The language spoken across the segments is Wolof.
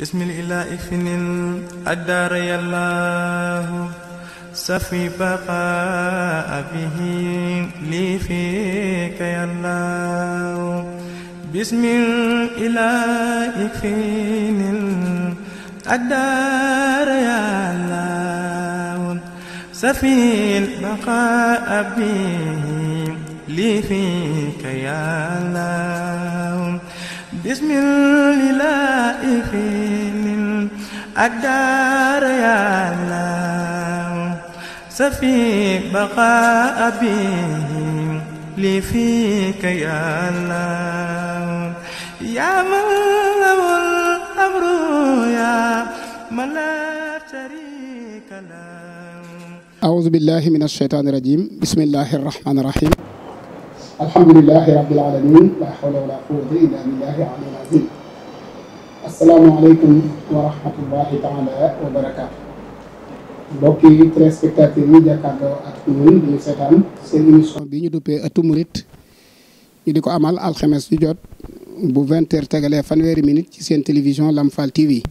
بسم الإله إفن الأدار يالله سفي بقاء به لي فيك يالله بسم الإله إفن الأدار يالله سفي البقاء به لي فيك يالله bismillahi finin ak daara yàllaw safi baqa abihim li fika yàllaw ya man lahul amru ya man la sharika lahu auzu billahi minash shaytanir rajim bismillahir rahmanir rahim alhamdulilahi rabbil alamin la hawla wala quwwata illa billahi alil azim asalaamaaleykum wa rahmatullahi taala wa barakaatu mbokki téléspectateurs yi ak ñun ñu seetaan seen émission bi ñu duppee Ëttu ñu di ko amal alxames ju jot bu vingt heures tegalee fanweeri minutes ci seen télévision Lamfal TV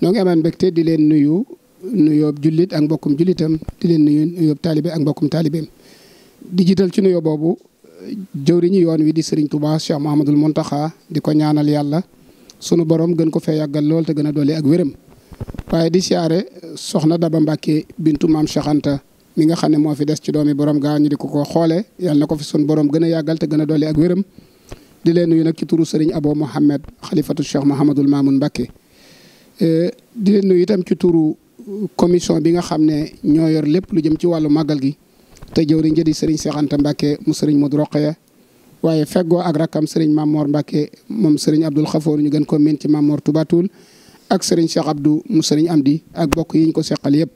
noo ngi amaan mbégte di leen nuyu nuyoob jullit ak mbokkum jullitam di leen nuyu nuyoob taalibe ak mbokkum taalibeem di jiital ci nuyoo boobu jëwriñu yoon wi di Serigne Touba Cheikh Mouhamadul Mountakha di ko ñaanal yàlla sunu borom gën ko fee yàggal lool te gën a doole ak wéram waaye di siyaare soxna Daba Mbacke bintu maam Cheikh mi nga xam ne moo fi des ci doomi borom gaa ñu di ko ko xoolee yàlla ko fi sunu borom gën a yàggal te gën a doole ak wéram di leen nuyu nag ci turu Serigne Abo Mohamed xalifatu Cheikh Mouhamadul Mamoun Mbacke eh, di leen nuyu itam ci turu commission bi nga xam ne ñoo yor lépp lu jëm ci wàllu màggal gi. te jëwriñ ji di sëriñ Cheikh Anta mu sëriñ Modou Rokhaya waaye feggoo ak rakkam sëriñ Mamor Mbacke moom sëriñ Abdoul Khafour ñu gën ko miin ci Mamor Toubatoul ak sëriñ Cheikh Abdou mu sëriñ Amdi ak yi ñu ko seqal yëpp.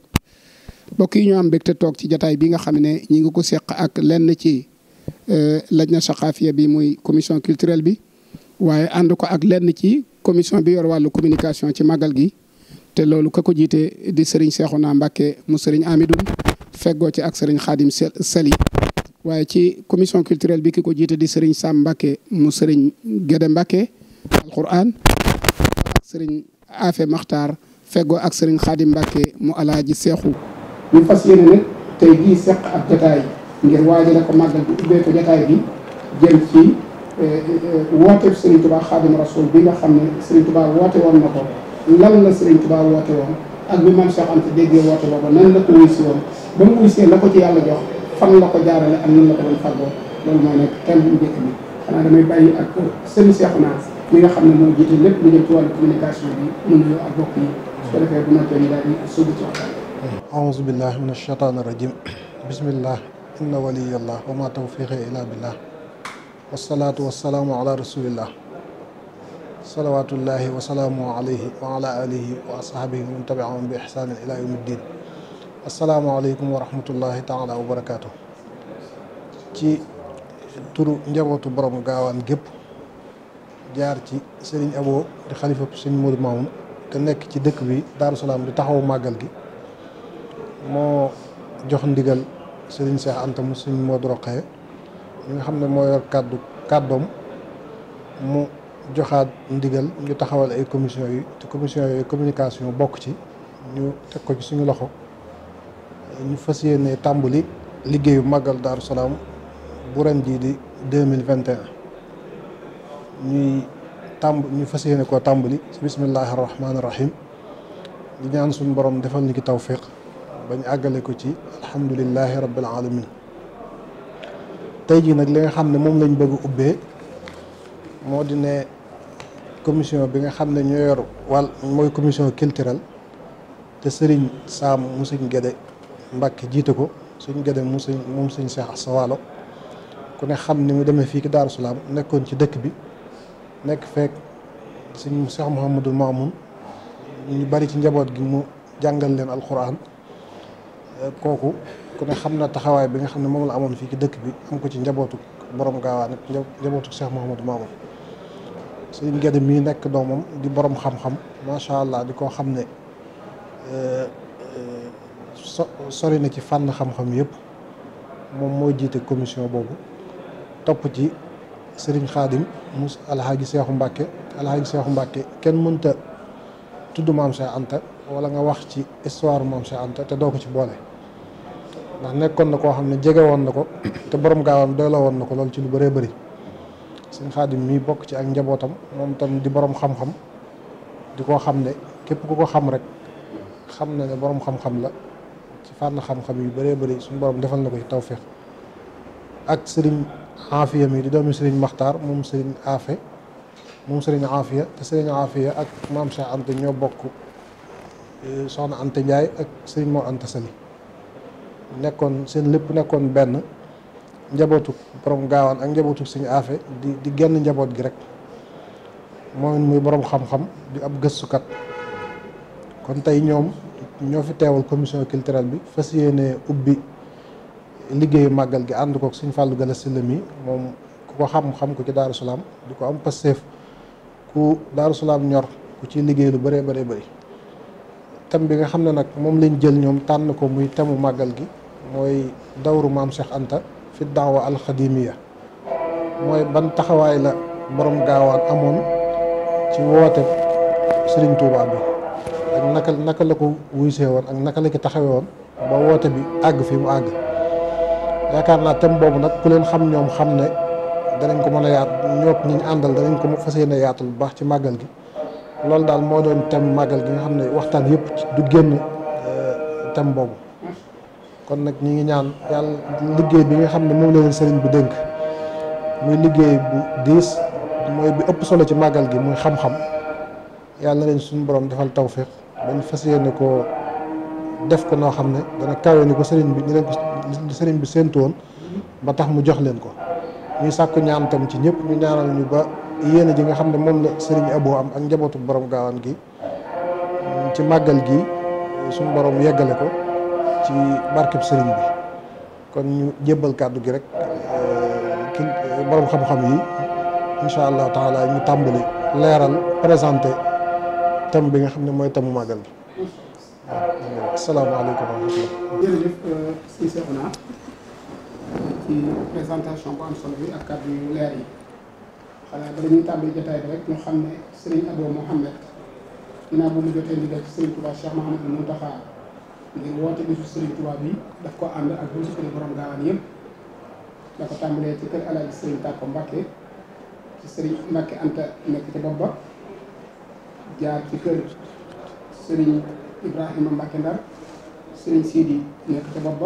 bokk yi ñu am mbégte toog ci jataay bi nga xam ne ñi ngi ko seq ak lenn ci euh, lajna saqaafiya bi muy commission culturelle bi waaye ànd ko ak lenn ci commission bi yor wàllu communication ci màggal gi te loolu ka jiite di sëriñ Cheikhouna Mbacke mu seriñ Amidoum feggoo ci ak sëriñ xaadim sali waaye ci commission culturelle bi ki ko jiite di sëriñ Sam Mbacke mu sëriñ Gédé Mbacke alquran ak sëriñ Afe Maxtaar feggoo ak sëriñ xaadim Mbacke mu alaaji seexu ñu fas yéene nag tey jii seq ab jataay ngir waajale ko màggal bi ubbee jataay bi jëm ci eh, eh, woote Serigne Touba Xaadim Rasul bi nga xam ne Serigne Touba woote woon na ko lan la Serigne Touba woote woon ak bi maam Cheikh Anta déggee woote booba nan la ko wuy si woon ba mu wuy see la ko ci yàlla jox fan la ko jaarale ak nan la ko doon fàggoo loolu mooy nekk thème bu njëkk bi xanaa damay bàyyi ak sëñ Cheikh Naar mi nga xam ne moo jiite lépp lu jëm ci wàllu communication bi mun yoo ak bokk yi su ko defee bu noppee ñu daal di sóobu ci waxtaan aouzu billahi min ashaytaani rajim bismillah inna waliyallah wa ma tawfiqi illa billah wasalaatu wasalaamu ala rasulillah salawaatullahi wa salaamu alayhi wa ala alihi wa ashabihi man tabiahum bi ihsaanin ila yawmi ddin asalaamaaleykum wa rahmatullahi wa barakaatu ci turu njabootu borom gaawaan gépp jaar ci sëriñ Abo di xalifa sëñ Modou Mamoun te nekk ci dëkk bi Daaru Salaam di taxawu màggal gi moo jox ndigal sëriñ Cheikh Anta mu sëñ Modou Roqee mi nga xam ne moo yor kàddoom mu joxaat ndigal ñu taxawal ay commission yi te commission yooyu communication bokk ci ñu teg ko ci suñu loxo ñu fas yéene tàmbali liggéeyu màggal Daaru Salaam bu ren jii di deux mille vingt et un ñuy tàmb ñu fas yéene koo tàmbali si bismillaahi rahmaani rahim di ñaan suñu borom defal ñu ki tawfiq bañ àggale ko ci alhamdulillahi rabbil alamin tey jii nag li nga xam ne moom lañu bëgg ubbee moo di ne commission bi nga xam ne ñoo yor wàll mooy commission culturelle te sëriñ Sam mu Serigne Guédé Mbacke jiite ko Serigne Guédé mu Serigne moom Serigne Cheikh Asta Walo ku ne xam ni mu demee fii ki Daaru Salaam nekkoon ci dëkk bi nekk fekk Serigne Cheikh Mouhamadou Mamoun ñu bari ci njaboot gi mu jàngal leen alxuraan euh, kooku ku ne xam na taxawaay bi nga xam ne moom la amoon fii ci dëkk bi am ko ci njabootu borom gaawaan ak njabootu Cheikh Mouhamadou Mamoun sëriñ Gede mii nekk doomam di borom xam-xam macha allah di koo xam ne eh, eh, so sori na ci fànn xam-xam yëpp moom moo jiite commission boobu topp ci sëriñ xaadim mus alxaaji seexu mbàkke alxaaji seexu mbàkke kenn mënta tudd maam Cheikh Anta wala nga wax ci histoire maam Cheikh Anta te doo ko ci boole ndax nekkoon na koo xam ne jege woon na ko te borom gaawam doy la woon na ko loolu ci lu bëree bari seen xaadim mii bokk ci ak njabootam moom tam di borom xam-xam di koo xam ne képp ku ko xam rek xam na ne borom xam-xam la ci fànn xam-xam yu bëree bëri suñu borom defal na ko ci tawféex ak sëriñ Afiya mi di doomi sëriñ Maxtaar moom sëriñ Afe moom sëriñ Afiya te sëriñ Afiya ak maam Cheikh Anta ñoo bokk e, soxna Anta Ndiaye ak sëriñ Mor Anta nekkoon seen lépp nekkoon benn. njabootu borom gaawaan ak njabootu suñu aafe di di genn njaboot gi rek moom muy boroom xam-xam di ab gëstukat kon tey ñoom ñoo fi teewal commission culturelle bi fas yéene ubbi liggéeyu màggal gi ànd kook suñu fàllu gala si lami moom ku ko xam-xam ku ci Daaru Salaam di ko am pasteef ku Daaru Salaam ñor ku ci liggéey lu bëree bëree bëri thème bi nga xam ne nag moom lañ jël ñoom tànn ko muy thème mu màggal gi mooy dawru maam Cheikh Anta fi daawa alxadimiya mooy ban taxawaay la borom gaawaan amoon ci woote sëriñ Touba bi ak naka naka la ko wuysee woon ak naka la ko taxawee woon ba woote bi àgg fi mu àgg yaakaar naa thème boobu nag ku leen xam ñoom xam ne danañ ko mën a yaat ñook ñi ñu àndal danañ ko fas yéene yaatul bu baax ci màggal gi loolu daal moo doon thème màggal gi nga xam ne waxtaan yépp du génn euh, tem boobu kon nag ñi ngi ñaan yàlla liggéey bi nga xam ne moom la leen sëriñ bi dénk muy liggéey bu diis mooy bi ëpp solo ci màggal gi muy xam-xam yàlla leen suñu borom defal tawféex bañ fas yéene ko def ko noo xam ne dana kawe ni ko sëriñ bi ni leen ko sëriñ bi séentu woon ba tax mu jox leen ko ñuy sàkk ñaan tam ci ñëpp ñu ñaanal ñu ba yéene ji nga xam ne moom la sëriñ aboo am ak njabootu borom gaawaan gi ci màggal gi suñu borom yeggale ko ci barkeb sëriñ bi kon ñu jébbal kàddu gi rek euh, ki euh, borom xam-xam yi incha allah taala ñu tàmbali leeral présenté thème bi nga xam ne mooy thème mu màggal euh, bi ak kàddu yu leer yi xanaa bala ñuy tàmbali jotaay bi rek ñu xam ne sëriñ Abo Mouhamed ginnaaw bu ngir woote bisu Serigne Touba bi daf ko ànd ak bisu Serigne da ko tàmbalee ci kër Alaaji Serigne Tako Mbacke ci Serigne Mbacke Anta nekk ci bopp jaar ci kër Serigne Ibrahima Mbacke Ndar Serigne Sidi nekk ci bopp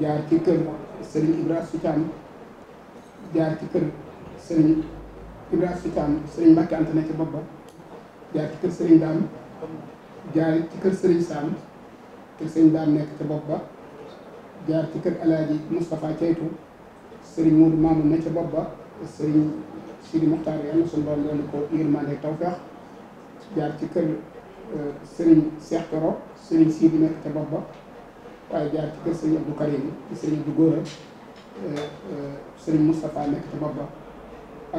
jaar ci kër Serigne Ibrahima Soutiane jaar ci kër Serigne Ibrahima Soutiane Serigne Mbacke Anta nekk ci jaar ci kër Serigne Dame jaar ci kër Serigne Sam kër sëñ daan nekk ca bopp ba jaar ci kër alaaji Moustapha Ceytu sëriñ Moodu Maamun na ca bopp ba sëriñ Sidi Muxtaar yal na suñu borom ko yërmande tawfeex jaar ci kër sëriñ euh, Seex Toro sëriñ Sidi nekk ca bopp waaye jaar ci kër sëriñ Abdou Karim ci sëriñ Abdou Góora euh, euh, sëriñ Moustapha nekk ca bopp ba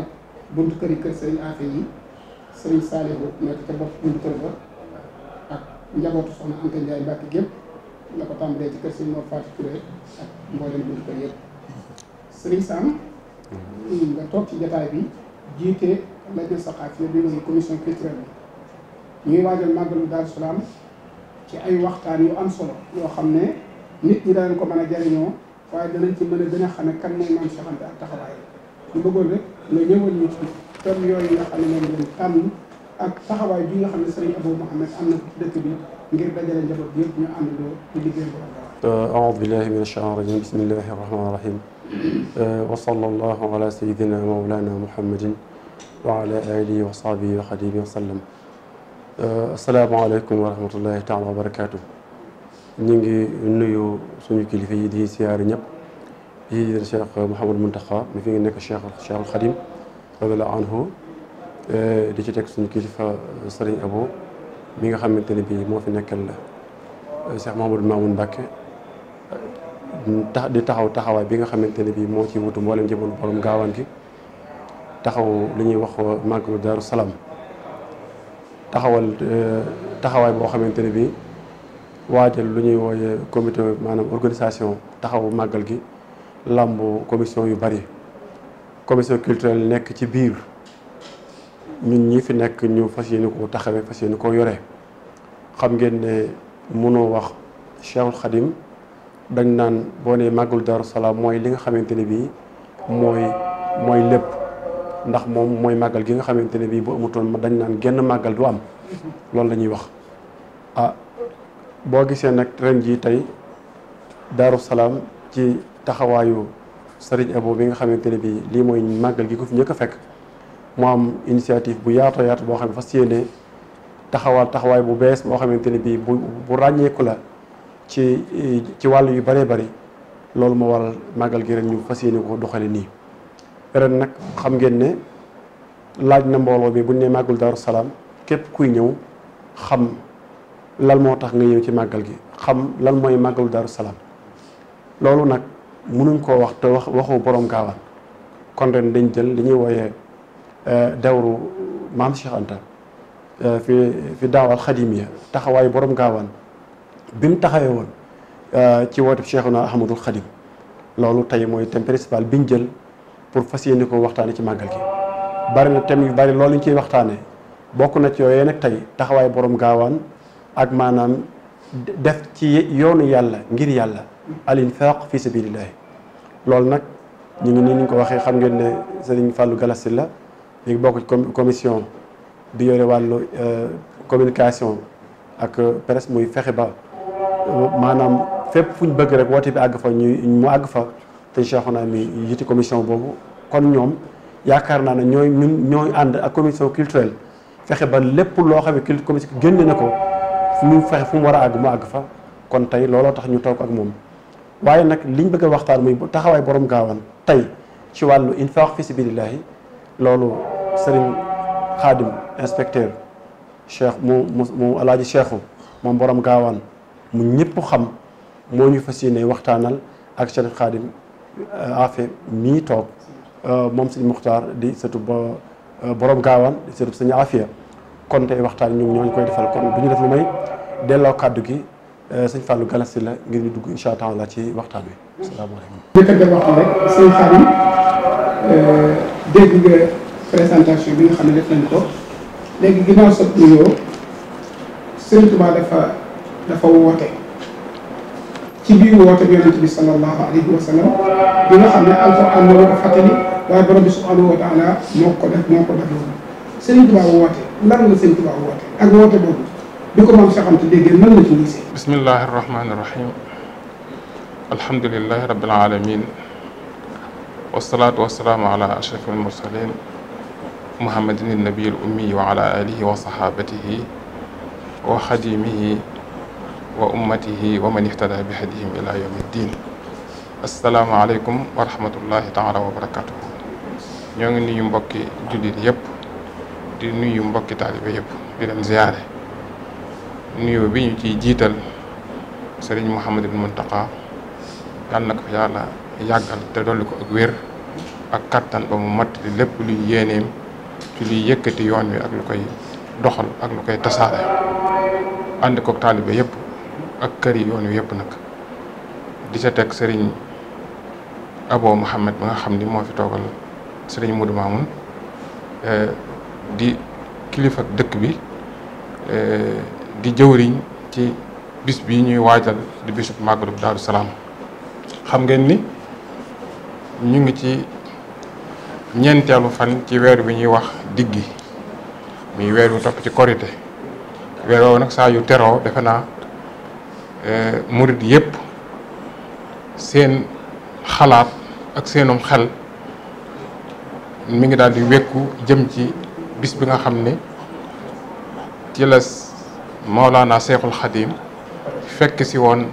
ak buntu këri kër sëriñ Afe yi sëriñ Saalihu nekk ca bopp buntu kër ba njabootu soxna Anta Ndiaye Mbacke gépp la ko tàmbalee ci kër sëñ Mor Fatou Touré ak mboolem buñ ko yëpp sëriñ mhm. nga toog ci jataay bi jiite lajjul saxaaf yi bi commission culturelle bi ñuy waajal màggalu Daaru Salaam ci ay waxtaan yu am solo yoo xam ne nit ñi daan ko mën a jariñoo waaye danañ ci mën a gën a xam ne kan mooy maam Cheikh Anta ak taxawaay ñu bëggoon rek nga ñëwal ñu ci thème yooyu nga xam ne moom lañ tànn ak taxawaay bi nga xam ne sëriñ Abou Mouhamed am na ko ci dëkk bi ngir dajale njaboot bi yëpp ñu àndandoo ci liggéey bu rafet. Euh, aoudu billahi min acheytaan rajim bismillahi rahmaani rahim euh, wa sallallahu ala sayidina mawlana muhammadin wa ala alihi wa sahbihi wa xadimi wa sallam euh, asalaamaaleykum wa rahmatullahi taala wa barakaatu ñu ngi nuyu suñu kilifa yi di siyaari ñëpp yi di Cheikh Mouhamadou Mountakha mi fi ngi nekk Cheikh Cheikhul Xadim radiallahu anhu Euh, di ci teg suñu kilifa euh, Serigne Abo mi nga xamante ne bii moo fi nekkal euh, Cheikh Mouhamadou Mamoun Mbacké di taxaw taxawaay bi nga xamante ne bii moo ci wutu mboolem jëmoon borom gaawaan gi taxaw lu ñuy wax màggalu Daaru Salaam taxawal taxawaay boo xamante ne bii waajal lu ñuy wooye comité maanaam organisation taxawu màggal gi làmb commission yu bari commission culturelle nekk ci biir ñun ñi fi nekk ñu fas yéene koo taxawee fas yéene koo yore xam ngeen ne mënoo wax Cheikhul Khadim dañ naan boo nee màggul Daaru Salaam mooy li nga xamante ne bii mooy mooy lépp ndax moom mooy màggal gi nga xamante ne bii bu amutoon dañ naan genn màggal du am loolu lañuy wax ah boo gisee nag ren jii tey Daaru Salaam ci taxawaayu Serigne Abo bi nga xamante ne bii lii mooy màggal gi ko fi njëkk a fekk mu am initiative bu yaato yaatu boo xam ne fas yéene taxawaal taxawaay bu bees moo xamante ne bii bu bu ràññeeku la ci ci wàll yu bëree bëri loolu moo waral màggal gi rek ñu fas yéene ko doxale nii ren nag xam ngeen ne laaj na mbooloo bi buñ ne màggul Daaru Salaam képp kuy ñëw xam lan moo tax nga ñëw ci màggal gi xam lan mooy màggalu Daaru Salaam loolu nag mënuñ koo wax te wax waxu borom gaawaan kon ren dañ jël li ñuy wooyee dawru maam Cheikh eh, fi fi daawal xadimiya taxawaayu borom gaawaan bi mu taxawee woon eh, ci woote Cheikhuna Ahmadul Xadim loolu tey mooy thème principal bi ñu jël pour fas yéene ko waxtaane ci màggal gi bari na thème yu bari loolu ñu ciy waxtaanee bokk na ci yooyee nag tey taxawaayu boroom gaawaan ak maanaam def ci yoonu yàlla ngir yàlla al infaq fi sabilillahi loolu nag ñu ngi nii ñu ko waxee xam ngeen ne Serigne Fallou Galassi la ñu ngi bokk commission bi yore wàllu euh, communication ak presse muy fexe ba maanaam fépp fu ñu bëgg rek woote bi àgg fa ñu mu àgg fa te Cheikhouna mi yiti commission boobu kon ñoom yaakaar naa ne ñooy ñun ñooy ànd ak commission culturelle fexe ba lépp loo xam ne cult commission génne na ko fu mu fexe fu mu war a àgg mu àgg fa kon tey looloo tax ñu toog ak moom waaye nag liñ bëgg a waxtaan muy taxawaay borom gaawaan tey ci wàllu infaq fi sabilillahi loolu sëriñ xaadim inspecteur cheikh mu mu alaaji cheikhu moom boroom gaawaan mu ñëpp xam moo ñu fas yéene waxtaanal ak sëriñ xaadim euh, afe mii toog euh, moom sëriñ muxtaar di sëtu ba euh, borom gaawaan di sëtu sëriñ afiya kon tey waxtaan ñoom ñooñu koy defal kon bu ñu def lu may delloo kàddu gi sëñ Fallou Galassi la ngir ñu dugg incha allah ci waxtaan wi. asalaamaaleykum. jëkkër ga présentation bi nga xam ne def nañ ko léegi ginnaaw sa nuyoo Sëriñ Tuubaa dafa dafa woote ci biir woote bi yonent bi sallallahu alayhi wa sallam bi nga xam ne alxuraan moo ko fàttali waaye borom bi subhanahu wa taala moo ko def moo ko def loolu Sëriñ Tuubaa woote lan la Sëriñ Tuubaa woote ak woote boobu bi ko maam saxamte déggee nan la ci gisee bismillahi rahmani rahim alhamdulilahi rabbil alamin wasalaatu wasalaamu ala ashraf almursalin muhammadin annabi al ummi wa ala alihi wa sahabatihi wa xadimihi wa ummatihi wa man ihtada bi hadihim ila yawmi ddin asalaamaaleykum wa rahmatullahi taala wa barakatuhu ñoo ngi nuyu mbokki jullit yëpp di nuyu mbokki taalibe yëpp di leen ziyaare nuyu bi ñu ciy jiital sëriñ Mouhamadul Muntaqa yàlla na ko fi yàlla yàggal te dolli ko ak wér ak kattan ba mu matt lépp luy yéeneem ci luy yëkkati yoon wi ak lu koy doxal ak lu koy tasaare ànd kook taalibe yëpp ak kër yi yoon wi yëpp nag di ca teg sëriñ Abo Mouhamed ba nga xam ni moo fi toogal sëriñ Moudou Mamoun eh, di kilifa dëkk bi eh, di jëwriñ ci bis bi ñuy waajal di bisub màggalu Daaru Salaam xam ngeen ni ñu ngi ci ñeenteelu fan ci weer bi ñuy wax diggi muy weer wu topp ci korite weer woowu nag saa yu teroo defe naa eh, murit yépp seen xalaat ak seenum xel mi ngi daal di jëm ci bis bi nga xam ni ci la Maolana Seexul Xadim fekk si woon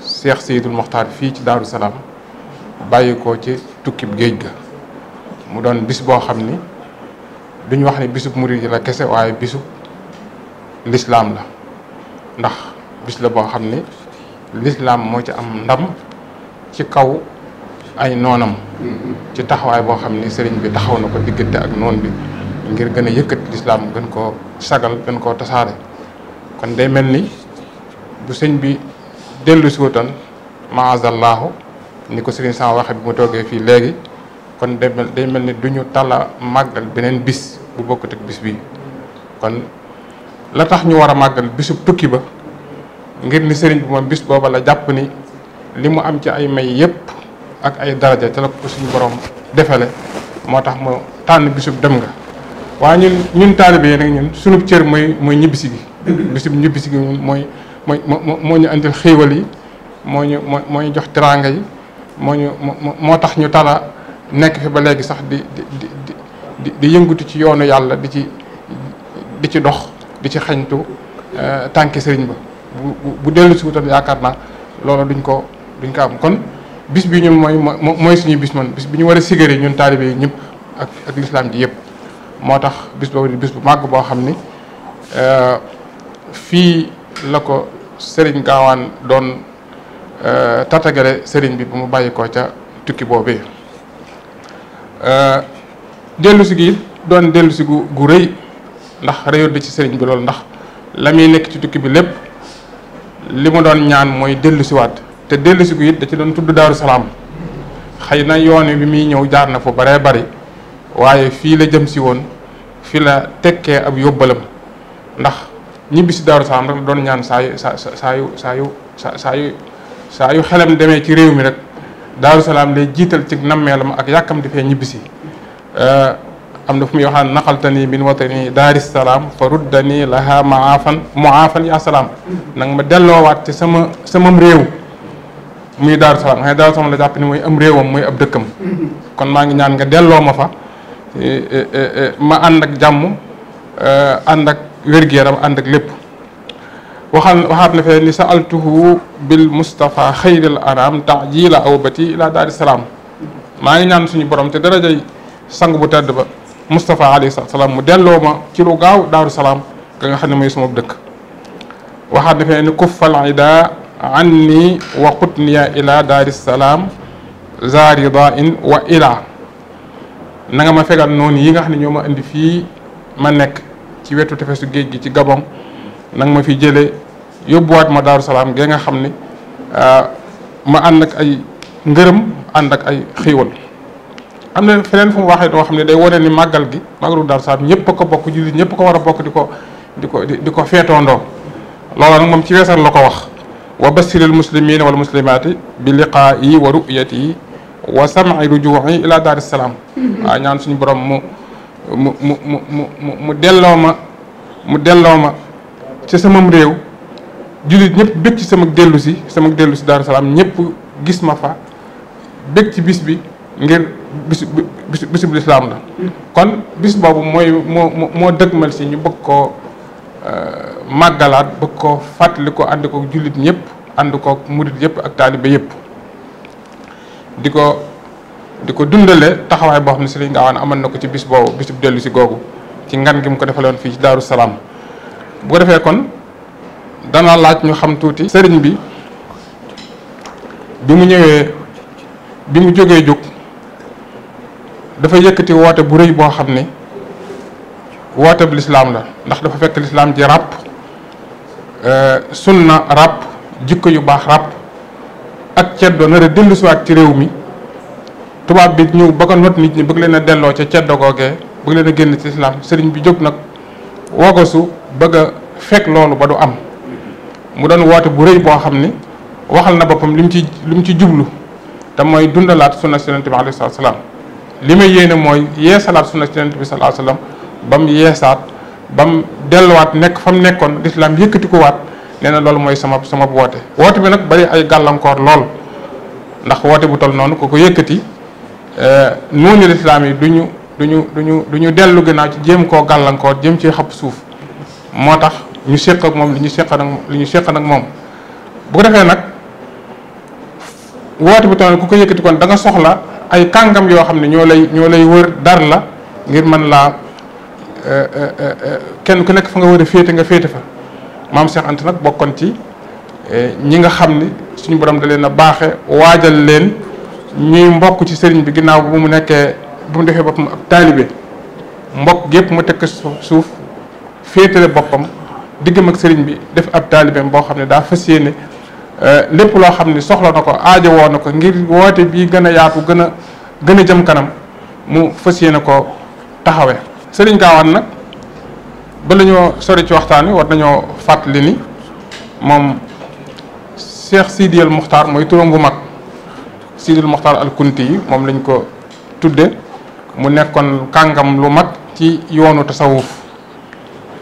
Seex Seydul Moxtaar fii ci Daaru Salaam bàyyi ko ci tukkib géej ga mu doon bis boo xam ni duñ wax ni bisub murid la kese waaye bisub lislaam la ndax bis la boo xam ni lislaam moo ci am ndam ci kaw ay noonam ci taxawaay boo xam ni sëriñ bi taxaw na ko diggante ak noon bi ngir gën a yëkkat lislaam gën koo sagal gën koo tasaare kon day mel ni bu sëñ bi dellu si wuutoon maazallaahu ni ko sëriñ sama waxe bi mu toogee fii léegi kon day mel day mel ni du ñu tala màggal beneen bis bu bokkut ak bis bii kon la tax ñu war a màggal bisub tukki ba ngir ni sëriñ bi moom bis booba la jàpp ni li mu am ci ay may yépp ak ay daraja ca la ko suñu borom defale moo tax mu tànn bisub dem nga waaye ñun ñun taalibe yi nag ñun sunub cër mooy mooy ñibbisi gi bisub ñibbisi gi mooy mooy moo ñu andil xéewal yi moo ñu moo jox teraanga moo moo tax ñu tala nekk fi ba léegi sax di di di di yëngutu ci yoonu yàlla di ci di ci dox di ci xañtu euh, tànki sëriñ ba bu bu dellu si wutal yaakaar naa loolu duñ ko duñ ko am kon bis bi ñu mooy mooy suñu bis man bis bi ñu waree a ñun taalibe yi ñëpp ak ak lislaam ji yëpp moo tax bis boobu di bis bu màgg boo xam ni euh, fii la ko sëriñ gaawaan doon euh, tatagale sëriñ bi bu mu bàyyi ko ca tukki boobee Euh, dellu si gi doon dellu gu gu rëy ndax réyut di ci sëriñ bi loolu ndax la muy nekk ci tukki bi lépp li mu doon ñaan mooy dellu si waat te dellu si gu it da ci doon tudd daaru salaam xëy na yoon bi muy ñëw jaar na fa bare bari waaye fii la jëm si woon fii la tekkee ab yóbbalam ndax ñibbi si daaru salaam doon ñaan saa yu saa saa yu saa yu saa yu saa yu xelam demee ci réew mi rek daaru salaam lay jiital ci nammeelam ak yàkkamti fee ñibbisi euh, am na fu muy waxaan naqaltani min watani daaris salaam fa ruddani laha maafan muafan yaa salaam nag ma delloowaat ci sama samam réew muy daaru salaam nga la jàpp ni mooy am réewam mooy ab dëkkam kon maa ngi ñaan nga delloo ma fa euh, euh, ma ànd ak jàmm ànd ak wér-gu-yaram ànd ak lépp waxal waxaat na fee ni sa altuhu bil Moustapha xayril araam taajila aw bati ila daari salaam maa ngi naan suñu borom te darajay sang bu tedd ba Moustapha alayhi salaam mu delloo ma ci lu gaaw daaru salaam ka nga xam ne mooy suma dëkk. waxaat na fee ni kuffal ida anni wa qutniya ila daari salaam zaarida in wa ila na nga ma fegal noonu yi nga xam ne ñoo ma indi fii ma nekk ci wetu tefesu géej gi ci Gabon. nag ma fi jëlee yóbbuwaat ma daaru salaam gee nga xam ni ah, ma ànd ak ay ngërëm ànd ak ay xiiwal am na feneen fu mu waxee doo xam ne day wane ni màggal gi màggalu daaru salaam ñëpp ko bokk jullit ñëpp ko war a bokk di ko di ko di ko feetoondoo loola moom ci weesar la ko wax wa basiril muslimina wal muslimaati bi liqaa yi wa ruyati yi wa sam'i rujuu'i ila daar salaam waaw ñaan suñu borom mu mu mu mu mu mu delloo ma mu delloo ma ci samam réew jullit ñëpp bëgg ci sama dellu si sama dellu si Daaru ñëpp gis ma fa bëgg ci bis bi ngir bis bis bisub lislaam la kon bis boobu mooy moo moo dëgmal si ñu bëgg koo euh, màggalaat bëgg koo fàttali ko ànd ko jullit ñëpp ànd ko murit yëpp ak taalibe yëpp di ko di ko dundale taxawaay boo xam ne Sëriñ Gaawaan amoon na ko ci bis boobu bisub dellu si googu ci ngan gi mu ko defaloon fii ci Daaru Salaam bu ko defee kon dana laaj ñu xam tuuti sëriñ bi bi mu ñëwee bi mu jógee jóg dafa yëkkati woote bu rëy boo xam ne woote bu lislaam la ndax dafa fekk lislaam ji ràpp euh, sunna ràpp jikko yu baax ràpp ak ceddo nar a dellusiwaat ci réew mi tubaab bi ñu ba ko not nit ñi bëgg leen delloo ca ceddo googee bëgg leen a génn ci lislaam sëriñ bi jóg nag woogasu bëgg a fekk loolu ba du am mu doon woote bu rëy boo xam ni waxal na boppam li mu ci li mu ci jublu te mooy dundalaat sunna si yonent bi alayhi salaatu salaam li may yéene mooy yeesalaat sunna si yonent bi salaatu salaam ba mu yeesaat ba mu delluwaat nekk fa mu nekkoon lislaam yëkkatikuwaat nee na loolu mooy sama sama boote woote bi nag bari ay gàllankoor lool ndax woote bu tol noonu ku ko yëkkati eh, noonu lislaam yi du ñu du ñu du ñu du ñu dellu ginnaaw ci jéem koo gàllankoor jéem ci xab suuf. moo tax ñu séq ak moom li ñu séq nag li ñu nag moom bu ko defee nag woote bi tamit ku ko yëkkati kon da nga soxla ay kàngam yoo xam ne ñoo lay ñoo lay wër dar la ngir mën laa euh, euh, euh, kenn ku nekk fa nga war a féete nga féete fa maam Cheikh nag bokkoon ci ñi nga xam ni suñu borom da leen a baaxe waajal leen ñuy mbokk ci sëriñ bi ginnaaw bu mu nekkee bu mu defee boppam ab taalibe mbokk gépp mu tekk suuf féetale boppam diggam ak sëriñ bi def ab taalibeem boo xam ne daa fas yéene euh, lépp loo xam ne soxla na ko aajo woo na ko ngir woote bii gën a yaatu gën a gën a jëm kanam mu fas yéene ko taxawe sëriñ Gaawaan nag ba la ñoo ci waxtaan wi war nañoo fàttali ni moom Cheikh Sidiyal Muxtaar mooy turam bu mag Sidiyal Muxtaar al Kunti yi moom lañ ko tudde mu nekkoon kàngam lu mag ci yoonu tasawuf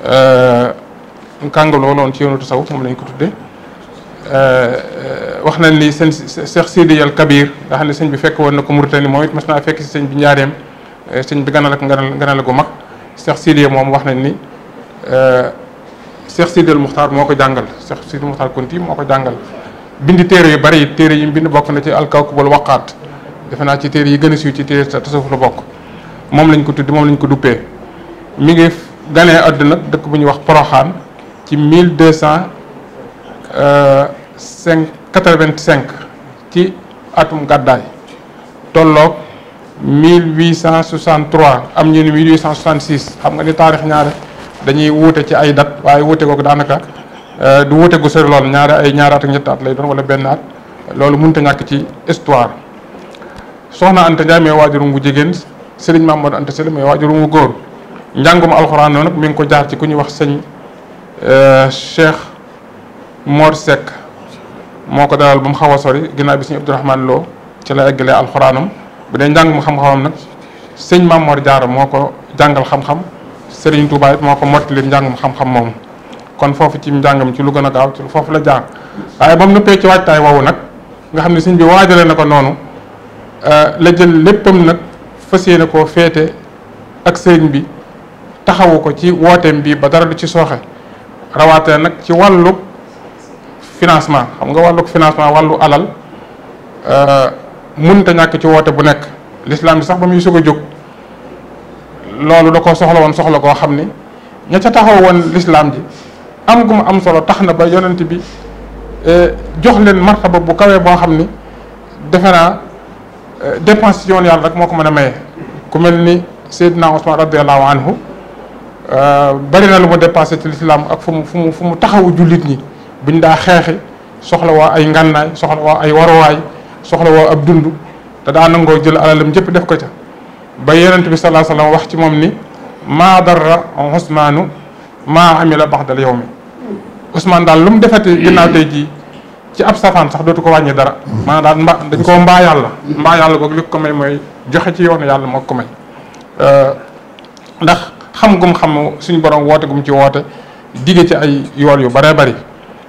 Euh, kàngam la woon ci yoonu tasawuf moom lañ ko tudde euh, euh, wax nañ ni sëñ Cheikh Sidi Kabir nga xam ne sëñ bi fekk woon na ko Mauritanie moom it mas naa fekk si sëñ bi njaareem sëñ bi ganal ak ganal ganal gu mag Cheikh Sidi moom wax nañ ni Cheikh Sidi al moo ko jàngal Cheikh Sidi Muxtaar moo ko jàngal bindi téere yu bari téere yi mu bind bokk na ci alkawkubal waqaat defe naa ci téere yi gën a ci téere tasawuf la bokk moom lañ ko tudd moom lañ ko duppee mi ngi ganee àdduna dëkk bu ñuy wax Poroxaan ci mille deux cent euh, cinq quatre-vingt-cinq ci atum gàddaay tolloog mille huit am ñu ni mille huit cent soixante xam nga ni taarix ñaare dañuy wuute ci ay dat waaye wuute googu daanaka euh, du wuute gu sori lool ñaari ay ñaari at ak at lay doon wala benn at loolu mënut a ñàkk ci histoire soxna Anta Ndiaye mooy waajurum bu jigéen Serigne Mamadou Anta Sall mooy waajurum bu góor njàngum alxuraan nag mi ngi ko jaar ci ku ñuy wax sëñ euh, Cheikh moor Seck moo ko dalal ba mu xaw a sori ginaar bi sëñ Abdourahmane Lo ci la eggalee alxuraanam bu dee njàngum xam-xamam nag sëñ Maam Mor Jaara moo ko jàngal xam-xam Serigne Touba moo ko mottali njàngum xam-xam moomu kon foofu ci njàngam ci lu gën a gaaw ci foofu la jaar waaye ba mu nëppee ci waajtaay woowu nag nga xam ne sëñ bi waajale na ko noonu euh, la jël léppam nag fas yéene koo féete ak sëriñ bi. taxawu ko ci wooteem bi ba dara du ci sooxe rawaate nag ci wàllu financement xam nga wàllu financement wàllu alal euh, mënta ñàkk ci woote bu nekk l'islam bi sax ba muy sug a jóg loolu da ko soxla woon soxla koo xam ni ña ca taxaw woon l'islam ji am gu mu am solo tax na ba yonent bi euh, jox leen martaba bu kawee boo xam ni defe naa euh, dépense ci yoon yàlla rek moo ko mën a maye ku mel ni Seydina Ousmane radiyallahu anhu Euh, bari na lu mu dépassé ci lislaam ak fu mu fu mu fu mu taxawu jullit ñi buñ daa xeexi soxla waa ay ngànnaay soxla waa ay waruwaay soxla waa ab dund te daa nangoo jël alalam jépp def ko ca ba yonent bi salaa salaam wax ci moom ni maa darra Ousmaanu maa amila baxdal yow mi Ousmane daal lu mu defati ginnaaw tey jii ci ab safaan sax dootu ko wàññi dara maa daal mba dañ koo mbaa yàlla mbaa yàlla googu li ko may mooy joxe ci yoonu yàlla moo ko may euh, ndax xam gum xam suñu borom woote gum ci woote digge ci ay yool yu bëree bari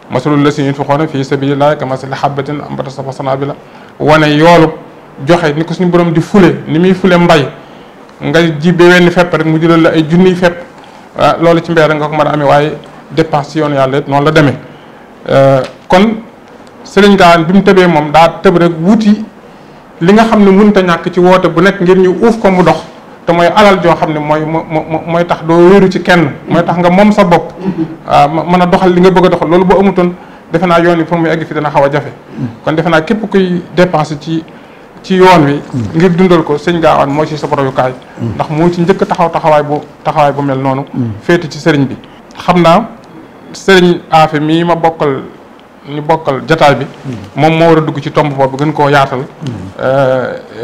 masalul la si yunfiquuna fii sabilillahi ka masali habatin ambata safa sanabila wane yoolu joxe ni ko suñu borom di fule ni muy fule mbay nga ji ba wenn fepp rek mu jëlal la ay junniy fepp ah, loolu ci mbéy rek nga ko mën a amee waaye dépense yoon yàlla it noonu la demee eh, kon sëriñ gaan bi mu tëbee moom daa tëb rek wuti li nga xam ne mënut a ñàkk ci woote bu nekk ngir ñu uuf ko dox te mooy alal joo xam ne mooy mooy tax doo wéeru ci kenn mooy tax nga moom sa bopp waaw ah, mën a doxal li nga bëgg a doxal loolu boo amutoon defe naa yoon wi pour muy egg fi dana xaw a jafe kon defe naa képp kuy dépense ci ci yoon wi ngir dundal ko sëñ gaa moo ci sa royukaay ndax moo ci njëkk taxaw taxawaay bu taxawaay bu mel noonu féete ci sëriñ bi xam naa sëriñ aafe mii ma bokkal ñu bokkal jataay bi moom moo war a dugg ci tomb boobu gën koo yaatal mm. eh,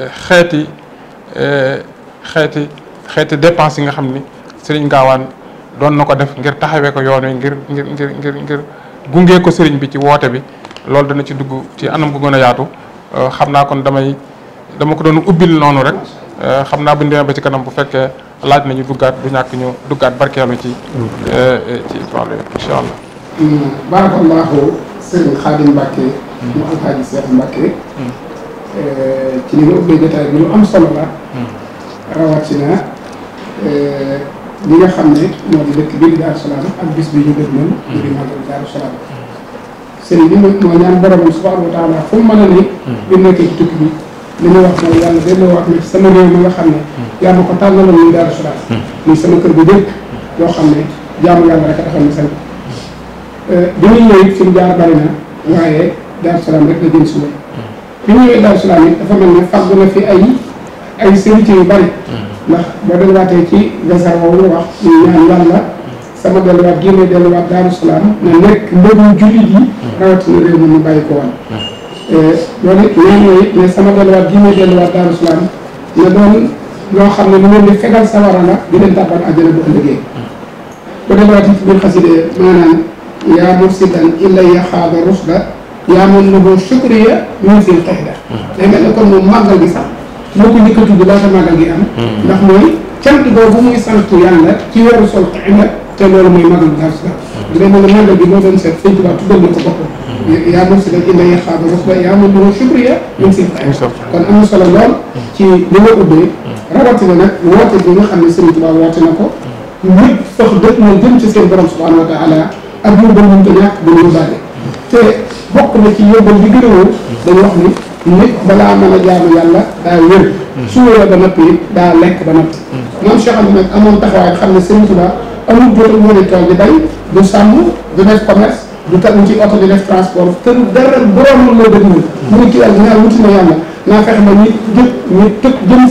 eh, xeeti eh, xeeti xeeti dépense yi nga xam ni sëriñ Gaawaan doon na ko def ngir taxawee ko yoon wi ngir ngir ngir ngir ngir gungee ko Serigne bi ci woote bi loolu dana ci dugg ci anam gu gën a yaatu euh, xam naa kon damay dama ko doon ubbil noonu rek euh, xam naa bu ñu ba ci kanam bu fekkee laaj nañu duggaat du ñàkk ñu duggaat barkeelu ci euh, ci tool yi incha allah mm, baarakallaahu sëriñ Xaadim Mbàkke mu alxaaji Seex Mbàkke mm. ci li nga ubbee jotaay bi lu am rawatina eh, li nga xam ne moo di dëkk bii di Daaru Salaam ak bis bi ñu dëkk moom. Mm-hmm. ñu di màggal Daaru Salaam. bi ne. Mm-hmm. bi nekkee ci tukki li ma wax sama réew mi nga xam ne. Mm-hmm. yaa ko tànnaloon muy Daaru Salaam. muy sama yoo xam ne jaamu yàlla eh, fi mu jaar bari na waaye Daaru Salaam rek la jëm si bi mu ñëwee Daaru Salaam it dafa mel ne fàggu na fi ay. ay sérité yu bari mm-hmm. ndax boo delluwaatee ci gasar woowu wax ñu ñaan yàlla mm-hmm. sama delluwaat génne delluwaat Daaru Salaam na nekk mbëgu jullit yi mm-hmm. rawatina réew mi ñu bàyyi ko woon loolu it ñaan na it ne sama delluwaat génne delluwaat la di leen tàbbal àjjana bu ëllëgee boo delluwaat ci biir xaside maanaam yaa mursidan illa ya xaada rusda yaa man lahu shukriya min fil xehda day mel ne kon moom màggal gi sax moo ko njëkk a tudd laata màggal gi am. Hmm. ndax mooy cant boobu muy sant yàlla ci weeru sol xëy te loolu mooy màggal bu Daaru Salaam. Hmm. léegi nag màggal bi moo doon seet sëñ Tuubaa tuddal na ko boppam. Hmm. yaa si la inda yaa xaaba rasuba yaa moom si kon am na solo lool. ci li nga ubbee. rawatina nag woote bi nga xam ne sëñ Tuubaa woote na ko. ñëpp fex dëkk moom jëm ci seen borom subhaanahu wa taala ak ñu ba ñu ko ñàkk ba ñu yóbbaale. te bokk na a wóor nit balaa mën a jaamu yàlla daa wér hmm. suuroo ba noppi it daa lekk ba noppi moom Cheikh Anta nag amoon taxawaay xam ne Sëriñ Tuubaa amul jotul wóore tool di bay du sàmm du def ci oto di def transport te du dara boroomam la dëgg hmm. mu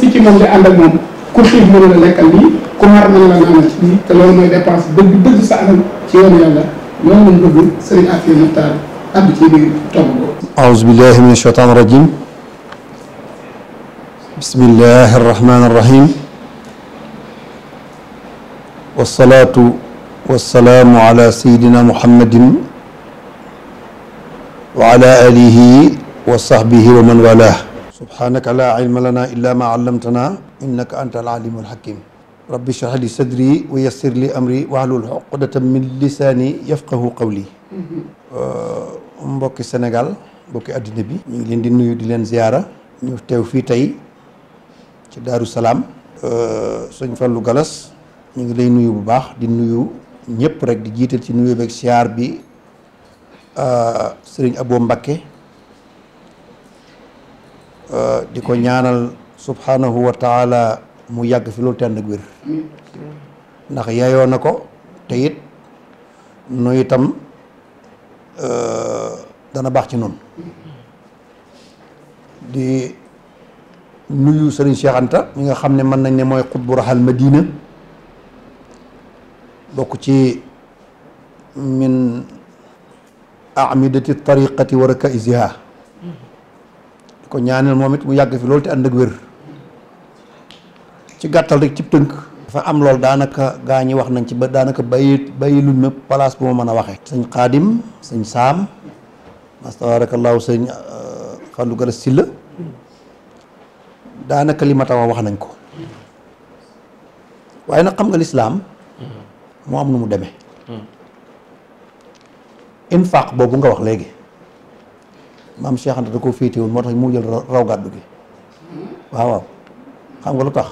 si ci moom di ànd ak moom ku xiif mën la lekkal lii ku mar mën la naanal ci lii te loolu mooy dépense dëgg dëgg sa anam ci yoonu yàlla loolu moom bëgg Sëriñ Afia Muxtaar àddu ci biir tomb aousubillahi min asheytaan irajim bismillahi arrahmani irrahim wassalaatu wassalaamu ala sayidina muhammadin wa ala alihi wa sahbihi wa man walah subhanaka la ilma lana illa ma allamtana innaka anta alalimul hakim rabbi shrah li sadri wa yassir li amri wahlul uqdatan min lisani yafqahu qawli mbokki senegal mbokki àddina bi ñu ngi leen di nuyu di leen ziyaara ñu teew fii tey ci Daaru Salaam euh, sëñ Fallou Galas ñu ngi lay nuyu bu baax di nuyu ñëpp rek di jiital ci nuyu beeg siyaar bi euh, sëriñ Abo Mbakke euh, di ko ñaanal subhanahu wa mu yàgg fi loolu tànn ak wér ndax yayoo na ko te it itam Euh, dana baax ci noonu di nuyu sëriñ Cheikh Anta mi nga xam ne mën nañ ne mooy xutbu raxal Madina bokk ci min amidati tariqati wa rakaisiha di ko ñaanal moom it mu yàgg fi loolu te ànd ak wér ci gàttal rek cib tënk dafa am loolu daanaka gaa ñi wax nañ ci ba daanaka bàyyi bàyyi luñ ma place bu ma mën a waxee sëñ xaadim sëñ saam astabaarakallaahu sëñ euh, Fallou Gala Silla daanaka li ma wax nañ ko waaye nag xam nga lislaam mm-hmm. moo am nu mu demee mm-hmm. infaq boobu nga wax léegi maam Cheikh da koo féete woon moo tax mu jël raw gàddu gi mm-hmm. waaw xam nga lu tax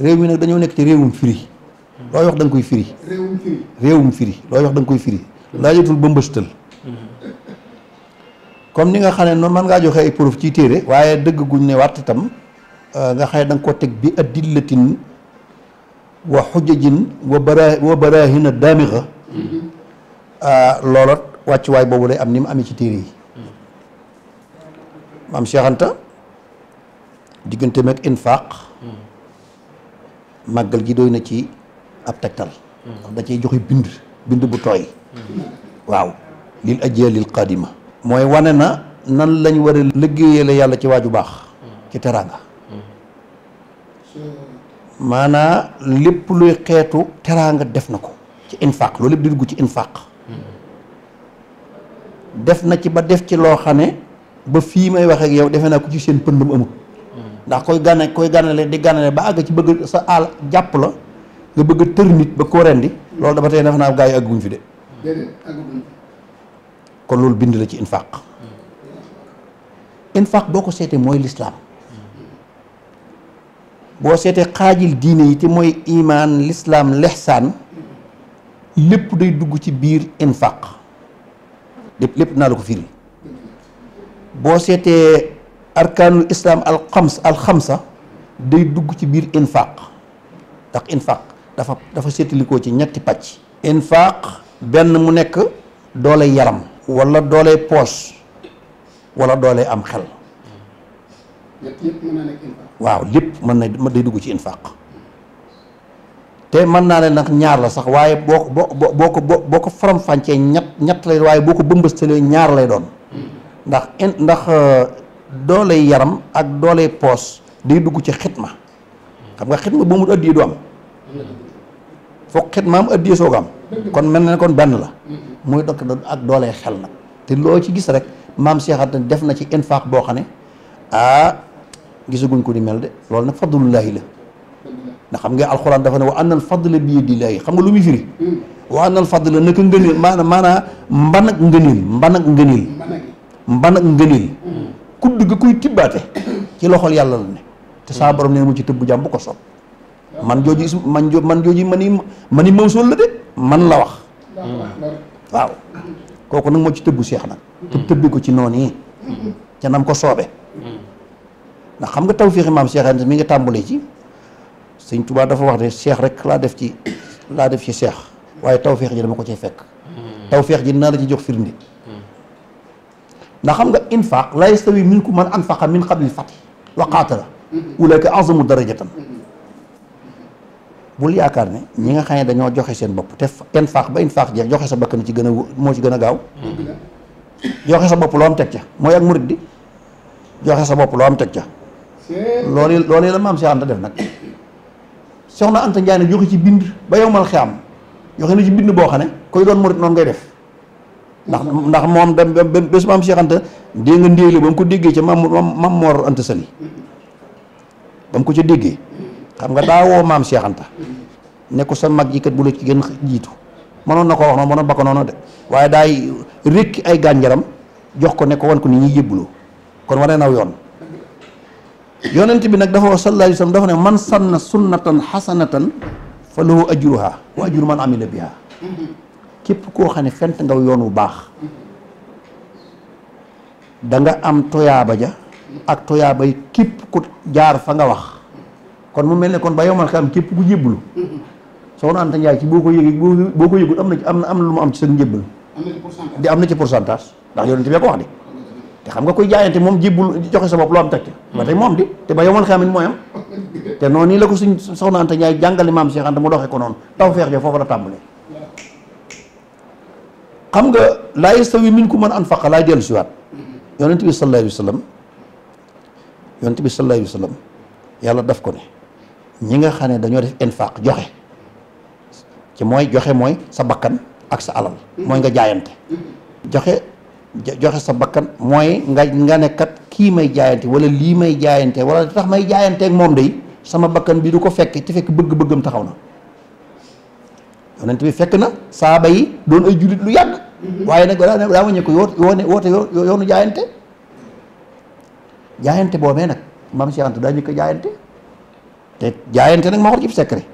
réew mi nag dañoo nekk ci réewum firi looy wax da koy firi réewum firi réewum firi looy wax da koy firi laajatul ba mbëstal comme ni nga xam ne noonu mën ngaa joxe ay preuve ci téere waaye dëgg ne waat itam euh, nga ko teg bi adillatin wa xujajin wa bara wa barahina daamixa euh, loola wàccuwaay boobu lay am ni mu amee ci téere yi maam Cheikh Anta diggante meeg infaq màggal gi doy na ci ab tegtal hmm. da cay joxe bind bind bu tooy hmm. waaw lil ajjalil qadima mooy wane na nan lañ war a liggéeyee la yàlla ci waaju baax hmm. ci teraanga maanaa lépp luy xeetu teraanga def na ko ci infaq loolu lépp di dugg ci infaq def na ci ba def ci loo xam ne ba fii may wax ak yow defe naa ko ci seen pëndam amut ndax koy gane koy ganale di ganale ba àgg ci bëgg sa àll jàpp la nga bëgg a tër nit ba koo rendi loolu dama tey def naa gaa yi àgguñ fi de kon loolu bind la ci infaq hmm. infaq boo ko seetee mooy lislaam boo seetee xaajil diine yi te mooy imaan lislaam lexsaan lépp day dugg ci biir infaq lépp lépp naa la ko firi hmm. boo seetee arkaanul islam al xams al xamsa day dugg ci biir infaq ndax infaq dafa dafa seetalikoo ci ñetti pàcc infaq benn mu nekk doole yaram wala doole poos wala doole am xel waaw lépp mën na day dugg ci infaq te mën naa ne nag ñaar la sax waaye boo ko boo boo ko boo ko faram fàncee ñett ñett lay waaye boo ko bëmbëstalee ñaar lay doon hmm. ndax in ndax euh, dooley yaram ak doole poos day dugg ci xitma xam nga xitma ba mu addiyee du am foog xitma am addiyee soog am kon mel na ne kon benn la muy dokk ak doole xel nag te loo ci gis rek maam seexante def na ci infaq boo xam ne a ah, gisaguñ ko di mel de loolu nag fadlullaahi la ndax xam nga alxuraan dafa ne wa annal fadla bi yadillaahi xam nga lu muy firi wa annal fadla naka ngëneel maanaam maanaam mban kudd gi kuy tibbaate ci loxol yàlla la ne te saa borom nee mu ci tëbb jàmm bu ko soob man jooju is man jo man jooju mani mani mawsul la de man la wax waaw kooku nag moo ci tëbbu seex nag te tëbbi ko ci noonu yi ca nam ko soobe ndax xam nga tawféexi maam Seex Anta mi nga tàmbalee ci sëñ Tuubaa dafa wax ne seex rek laa def ci laa def ci seex waaye tawféex ji dama ko cee fekk hmm. tawféex ji naa la ci jox firnde ndax xam nga infaq la yastawi minkum man anfaqa min qabli al-fath wa qaatala ulaika azamu darajatan bul yaakaar ni ñi nga xam ne dañoo joxe seen bopp te infaq ba infaq jeex joxe sa bakkan ci gën a moo ci gën a gaaw joxe sa bopp loo am teg ca mooy ak murid joxe sa bopp loo am ca loolu loolu la maam Cheikh Anta def nag soxna Anta Ndiaye ne joxe ci bind ba yow mal am joxe na ci bind boo xam ne koy doon murid noonu ngay def ndax ndax moom da bés maam seexanta Anta dégg nga ndéeli ba mu ko déggee ca mam mam Mor Anta Sali ba mu ko ca déggee xam nga daawoo maam Cheikh Anta ne ko sa mag yi kat bu la ci gën jiitu mënoon na ko wax noonu mënoon ba ko noonu de waaye daay rékki ay gànjaram jox ko ne ko wan ko ni ñuy yëbbuloo kon waree naw yoon yonent bi nag dafa wax sallallahu alayhi wa sallam dafa ne man sanna sunnatan xasanatan fa lahu ajruha wa ajru man amila biha képp koo xam ne fent nga yoon wu baax da nga am toyaaba ja ak toyaaba yi képp ku jaar fa nga wax kon mu mel ne kon ba yomal ka am képp ku jébbalu soxna Anta Ndiaye ci boo ko yëgee boo ko yëgul am na ci am na am lu mu am ci sa njébbal di am na ci pourcentage ndax yonent bi ko wax de te xam nga koy jaayante moom jébbul joxe sa bopp loo am teg ba tey moom di te ba yomal ka am it mooy am te noonu nii la ko suñ soxna Anta Ndiaye jàngale maam Cheikh ko noonu taw foofu la tàmbalee xam nga laa sew minkum man anfaqa laay dellu siwaat yonent bi sallallahu alayhi wa sallam yonent bi sallallahu alayhi wa yàlla def ko ne ñi nga xam ne dañoo def infaq joxe ci mooy joxe mooy sa bakkan ak sa alal mooy nga jaayante joxe joxe sa bakkan mooy nga nga ne kat kii may jaayante wala lii may jaayante wala tax may jaayanteek moom de sama bakkan bi du ko fekk te fekk bëgg-bëggam taxaw na yonent bi fekk na saaba yi doon ay jullit lu yàgg mhm. waaye nag daa daa waññe ko yoone woote yoonu jaayante jaayante boobee nag maam Cheikh Anta ko jaayante te jaayante nag moo ko ci secret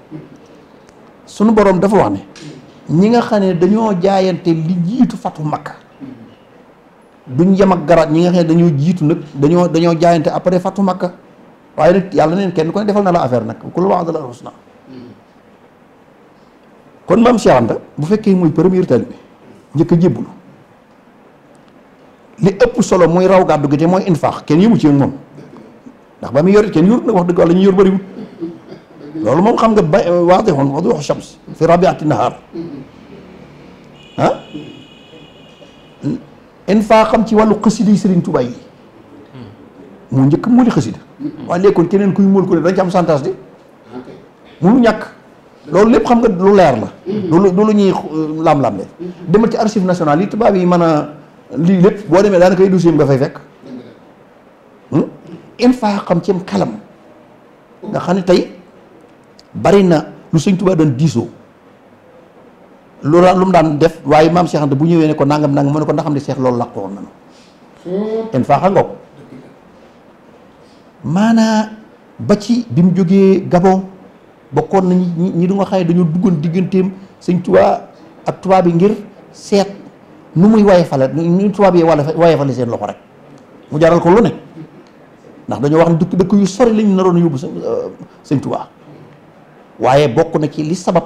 sunu boroom dafa wax ne ñi nga xam ne dañoo jaayante li jiitu fatu Makka duñ yem ak garaat ñi nga xam ne dañoo jiitu nag dañoo dañoo jaayante après fatu Makka waaye nag yàlla neen kenn ku defal na la affaire nag ku la wax da la kon maam Cheikh Anta bu fekkee mooy premier talibé njëkk a li ëpp solo mooy raw gàddu gi te mooy infaax kenn yëmu ci moom ndax ba mu yorit kenn yorut nag wax dëgg wàlla ñu yor bëriwut loolu moom xam nga ba eh, waadixun waduxu shams fi rabiati nahar ah infaax xam ci wàllu xasida yi Sëriñ Tuubaa yi mu njëkk mu li xasida waaye léegi keneen kuy muul ku ne dañ ci am santage de ah, munu ñàkk loolu lépp xam nga lu leer la mm-hmm. lu du lu ñuy euh, lam-lamle mm-hmm. demal ci archive nationale yi tubaab yi mën a lii lépp boo demee daanaka ay dossier nga fay fekk mm-hmm. hmm? il faut xam ci kalam nga xam ne tey bari na lu sëñ Tuubaa doon diisoo lu lu mu daan def waaye maam Cheikh Anta bu ñëwee ne ko nangam nangam mu ne ko ndax xam ne Cheikh loolu làqoon na il faut xam nga ko maanaa ba ci bi mu jógee Gabon bokkoon nañ ñi du nga xam ne dañoo duggoon digganteem sëñ Tuubaa ak tubaab yi ngir seet nu muy waye fale nu tubaab yi wala waye fale seen loxo rek mu jaral ko lu ne ndax dañoo wax ne dëkk dëkk yu sori lañu naroon a yóbbu sëñ Tuubaa waaye bokk na ci li sabab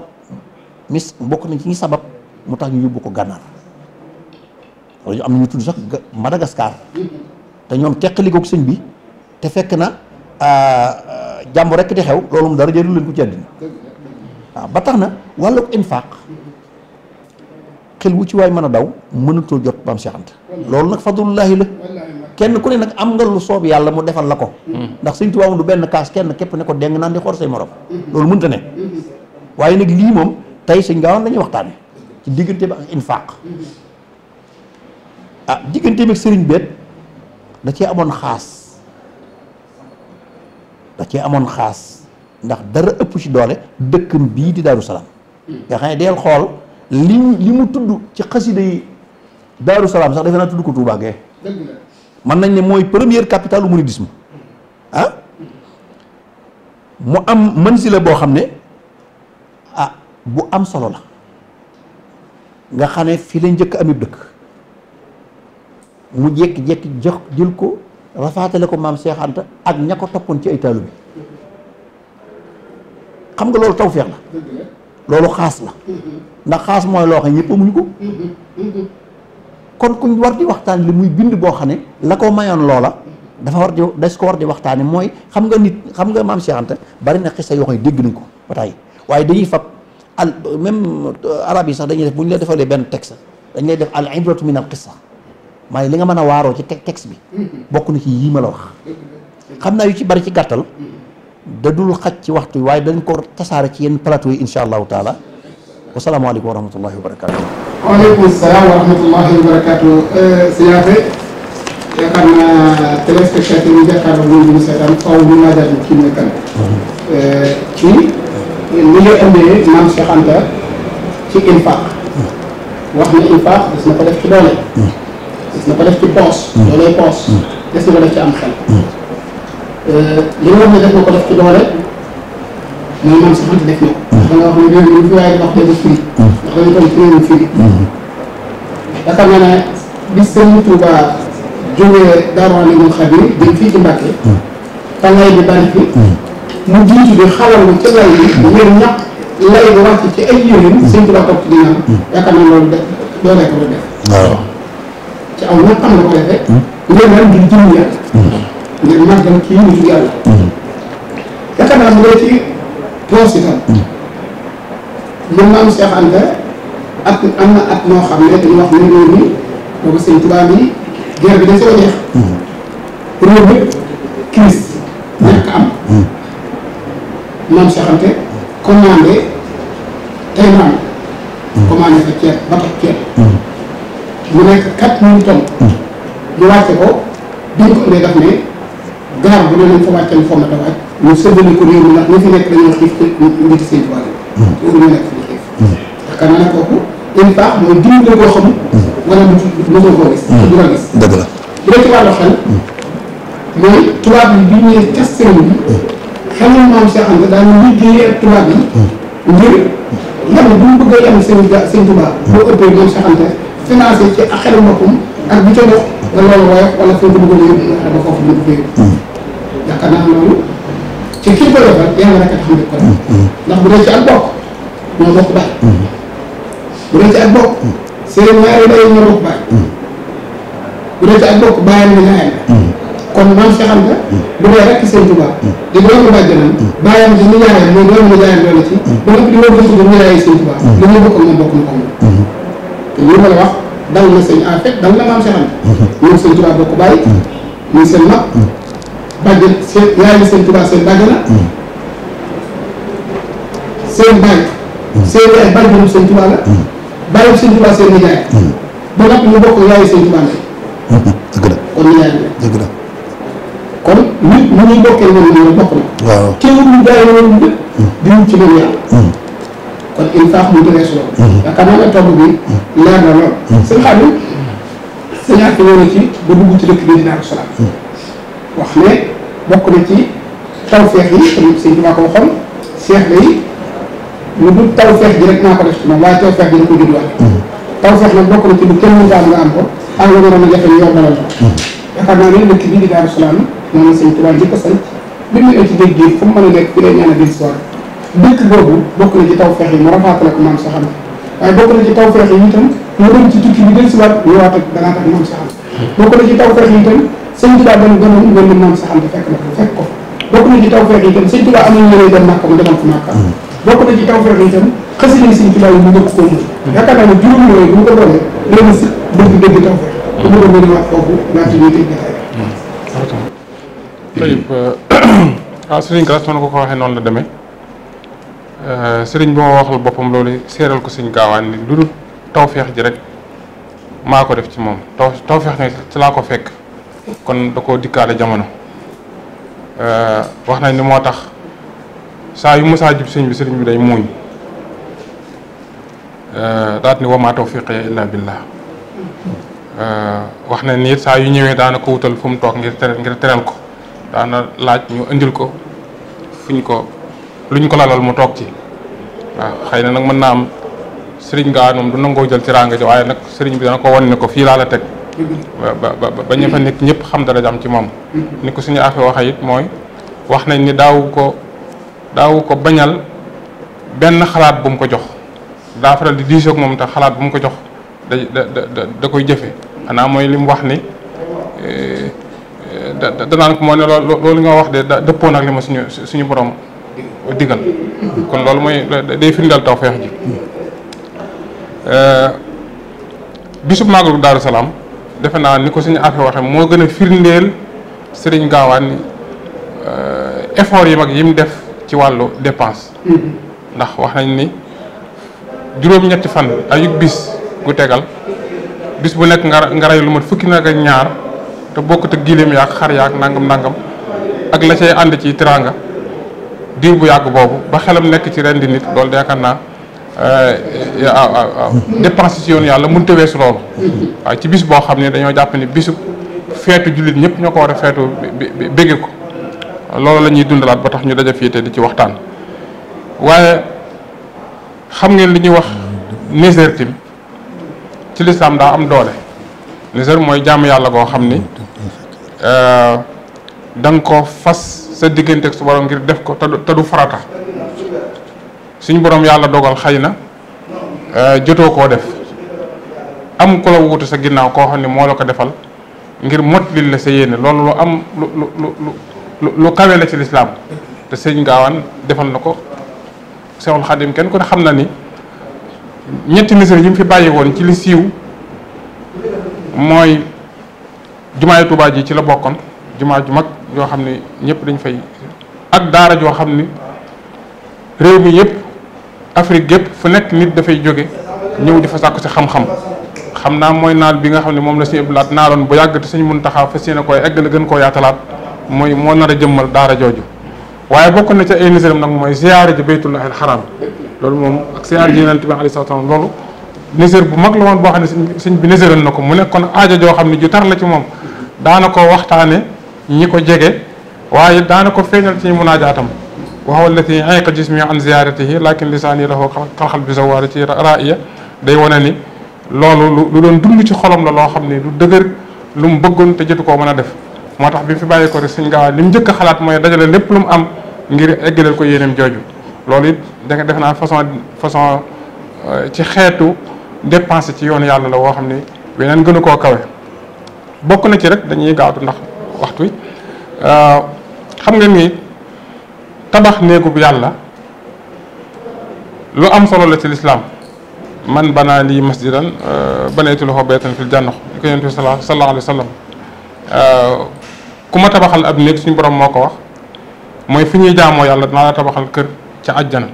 mis bokk na ci ñi sabab mu tax ñu yóbbu ko gànnaar wala ñu am na ñu tudd sax Madagascar te ñoom teqali ko sëñ bi te fekk na ah, jàmbu rekk di xew loolu moom dara jëru leen ku ci àddina waaw ba tax na wàllug infaq xel wu ci waay mën a daw mënatoo jot maam Cheikh Anta loolu nag fadlullaahi la kenn ku ne nag am nga lu soob yàlla mu defal la ko ndax sëñ Tuubaa du benn kaas kenn képp ne ko deng naan di xoor say morom loolu mënta ne waaye nag lii moom tey sëñ Gaawaan la ñuy waxtaane ci diggante bi ak infaq ah diggante bi ak sëriñ beet da cee amoon xaas da cee amoon xaas ndax dara ëpp ci doole dëkk bii di Daaru Salaam nga xam ne deel xool li li mu tudd ci xasida yi Daaru Salaam sax defe naa tudd ko Touba Gueye mën nañ ne mooy première capitale u mouridisme ah mu am mansila boo xam ne ah bu am solo la nga xam ne fi la njëkk amib dëkk mu jékki-jékki jox jël ko dafa ko maam Cheikh ak ña ko toppoon ci ay taalu bi xam nga loolu tawféex la loolu xaas la ndax xaas mooy loo xam ñëpp amuñu ko kon kuñ war di waxtaan li muy bind boo xam ne la ko mayoon loola dafa war di des ko war di waxtaane mooy xam nga nit xam nga maam Cheikh Anta bari na xisa yoo xam ne dégg nañ ko ba tey waaye dañuy fab al même arab yi sax dañuy def bu ñu la defalee benn texte dañ lay def al ibratu min al waaye li nga man a waaroo ci teg texte bi bokk na ci yii ma la wax xam naa yu ci bari ci gàttal da dul ci waxtu waaye dañ ko tasaare ci yenn plateau yi insha allahu taala wasalaamaaleykum wa rahmatullahi wa barakatu waaleykum salaam wa rahmatullahi wa barakatu siyaate euh, yaakaar naa téléspectateur yi jàkkaarloo ñun ñu seetaan faw ñu laajaat ñu kii nekkan mhm. euh, ci ni nga na ko def ci poos mm. mm. loolay poos des na ko def ci am xel mm. euh, li nga wax ne def na ko def ci doole mooy ci réewum firi yaakaar naa ne ci Mbàkke tàngaay bi bari loolu def doo rekk lu def waaw ci aw ñëpp am na ko defee. Hmm. ngir mën ngir jëm yàlla. Hmm. ngir màggal kii nitu yàlla. Hmm. yaakaar naa mu ci poos itam. mën naa am Cheikh Anta at am na at moo xam ne dañuy wax ne réew mi boobu sëñ tubaab yi guerre bi dañ soo jeex. réew mi crise ñàkk am. maam Cheikh Anta tey maam. commandé fa ceeb ba tax ceeb. mu nekk quatre mille tonnes. Hmm. ñu wàcce ko bi ñu ko indee daf ne gaar bu ne leen fa wàcceel foofu la ko wàcc. ñu séddale ko réew mi ndax fi nekk dañoo xiif te ñu ci seen hmm. tubaab yi bi ñuy cas seen bi. Hmm. xelal maam Cheikh Anta daañu liggéeyee ak tubaab yi. ngir yàlla bu ñu bëggee yàlla seen i ja seen tubaab. boo ëppee maam Cheikh financé ci hmm. hmm, hmm. ndax bu dee ci ak bokk ñoo bokk baay bu dee ci ak bokk seen ñaari day ñoo bokk baay bu dee ci ak bokk bàyyi na ñaari kon man si nga bu dee rek seen tubaab di doomu bàjjanam bàyyam ci nijaayam mooy doomu nijaayam loolu ci ba nga di loolu bëgg bu nijaayam seen tubaab li ñu bokk moom bokk na te li ma la wax dal na sëñ en fait dal na maam Cheikh Anta. ñoom mhm. sëñ Tuubaa bokk bàyyi. ñun mhm. seen mag. Mhm. bàjj seen yaayu sëñ Tuubaa seen bàjj la. seen bàyyi. seen yaay la. bàyyi sëñ seen nijaay. ba noppi ñu bokk yaayu sëñ Tuubaa la. dëgg la kon nijaay la dëgg la. kon nit ñi ñuy bokkee noonu ñoom bokk na. waaw teewul ñu jaay loolu lépp. di wut ci loolu yàlla. kon il faut que mu jëlee si loolu. yaakaar naa ne tomb bi leer na lool. Mm-hmm. sëñ Xaadim ba dugg ci dëkk bi di Daaru Salaam. Mm-hmm. wax ne bokk na ci tawfeex yi tamit sëñ bi maa ko waxoon seex la yi lu dul tawfeex ji rek naa ko def ci moom waaye tawfeex ji da mm-hmm. na ci nga am ko ak lu waroon a jafe yombalal ko. yaakaar naa moom la sëñ Tuubaa njëkk a sant bi mu ñëwee ci géej gi fu a nekk fi lay ñaan a dellusiwaat. dëkk boobu bokk na ci taw feex yi ma rafaatale ko maam saxam waaye bokk na ci taw feex yi mu dem ci tukki bi del maam saxam bokk fekk na ko bokk na ci taw feex yi itam sëñ Tuubaa yi mu dëkk ko mu yaakaar naa juróom yooyu bu mu ko doonee léegi si dëgg dëgg taw feex bu mu doon gën a wax foofu laata ñuy tëj jotaay bi mm. tayib euh, ah sëriñ Galas noonu ko ko waxee noonu la demee Euh, sëriñ bi ma waxal boppam loolu seeral ko suñ gaawaan ni lu dul tawfeex ji rek maa ko def ci moom taw tawfeex ne ci laa ko fekk kon da ko dikkaale jamono euh, wax nañ ni moo tax saa yu mosaa jub sëñ bi sëriñ bi day muuñ euh, daat ni wamaa tawfiqi illa billah wax nañ ni it saa yu ñëwee daana ko wutal fu mu toog ngir teral ngir teral ko daana laaj ñu indil ko fuñ ko lu ñu ko lalal mu toog ci waaw xëy na nag mën naa am sëriñ ngaa moom du nangoo jël ci ràng ji waaye nag sëriñ bi dana ko wan ne ko fii laa la teg ba ñu fa nekk ñëpp xam dara jam ci moom ni ko suñu affaire waxee it mooy wax nañ ni daawu ko daawu ko bañal benn xalaat bu ko jox daa di diisoog moom te xalaat bu mu ko jox da da koy jëfe xanaa mooy li wax ni eh, eh, danaan moo ne loolu nga wax de dëppoon ak li ma suñu boroom digal kon loolu mooy day firndeel taw feex ji euh, bisub màggalu daaru salaam defe naa ni ko suñu affaire waxe moo gën a firndeel sëriñ gaawaan euh, effort yi mag yi mu def ci wàllu dépense ndax wax nañ ni juróom-ñetti fan ayug bis gu tegal bis bu nekk nga nga rey lu mat fukki nag ak ñaar te bokk te giléem yaak xar ak nangam nangam ak la cay ànd ci teraanga diir bu yàgg boobu ba xelam nekk ci ren nit loolu yaakaar naa euh, ah, ah, ah, dépense ci yoon yàlla mun a weesu loolu waaye ci bis boo xam ne dañoo jàpp ni bisu feetu jullit ñëpp ñoo ko war a feetu bégge ko loolu la ñuy dundalaat ba tax ñu daja fii te di ci waxtaan waaye xam ngeen li ñuy wax nisér tim ci lislaam daa am doole nisér mooy jàmm yàlla goo xam ni euh, da ko fas sa diggante ak su borom ngir def ko te du farata suñ borom yàlla dogal xëy na euh, jotoo koo def am ku la wuutu sa ginnaaw koo xam ne moo la ko defal ngir mottali la sa yéene loolu lu am lu lu lu kawe la ci lislaam te sëñ gaawaan defal na ko Seexul Xadim kenn kon xam na ni ñetti misir yi mu fi bàyyi woon ci li siiw mooy jumaa jumaay Tuubaa ji ci la bokkoon jumaa ju mag yoo xam ne ñëpp dañ fay ak daara joo xam ne réew mi yëpp Afrique yëpp fu nekk nit dafay jóge ñëw di fa sàkku si xam-xam xam naa mooy naal bi nga xam ne moom la suñu iblaat naaloon bu yàgg suñu mun taxaw fas yéene koy egg la gën koo yaatalaat mooy moo nar a jëmmal daara jooju waaye bokk na ca ay niséram nag mooy ziyaare ji baytullahi al xaraam loolu moom ak ziyaare ji yonent bi alayhi salaam loolu bu mag la woon boo xam ne sëñ bi niséral na ko mu nekkoon aajo joo xam ne ju tar la ci moom daana ko waxtaane ñi ko jege waaye daana ko feeñal ci mun munaajaatam wa huwa allati ayqa jismi an ziyaaratihi lakin lisaani lahu xalxal bi zawaari ci raaya day wone ni loolu lu doon dund ci xolom la loo xam ne lu dëgër lu mu bëggoon te jotu koo mën a def moo tax bi mu fi bàyyi ko rek suñ gaaw li mu njëkk a xalaat mooy dajale lépp lu mu am ngir eggaleel ko yéeneem jooju loolu it danga def naa façon façon euh, ci xeetu dépense ci yoonu yàlla la woo xam ne weneen gënu koo kawe bokk na ci rek dañuy gaawtu ndax waxtu wi euh, xam nga ni tabax néegub yàlla lu am solo la ci lislaam man banaa lii masjidan euh, banaytu lahu baytan fil janna li ko yonent bi sallallahu alayhi wa sallam euh, ku ma tabaxal ab néeg suñ borom moo ko wax mooy fi ñuy jaamoo yàlla dinaa la tabaxal kër ci àjjana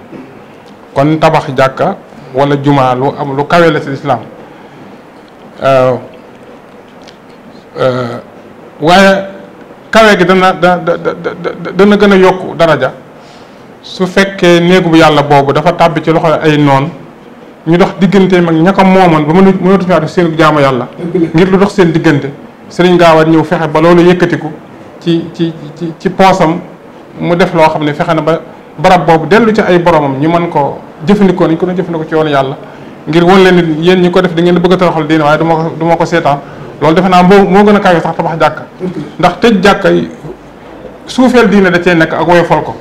kon tabax jàkka wala jumaa lu am lu kawe la ci lislaam waaye kawe gi dana da dana gën a yokku daraja su fekkee néegu bu yàlla boobu dafa tàbbi ci loxo ay noon ñu dox digganteem ak ña ko moomoon ba mënu mënatu faa def seen jaamu yàlla. ngir lu dox seen diggante sëriñ Gaawaan ñëw fexe ba loolu yëkkatiku ci ci ci ci poosam mu def loo xam ne fexe na ba barab boobu dellu ci ay boromam ñu mën ko jëfandikoo nañ ko doon jëfandikoo ci yoonu yàlla ngir woon leen nit yéen ñi ko def da ngeen bëgg a toroxal diine waaye du ma ko du ma ko seetaan. loolu defe naa moo moo gën a kawe sax tabax jàkka ndax tëj jàkk yi suufeel diine da cee nekk ak woyofal ko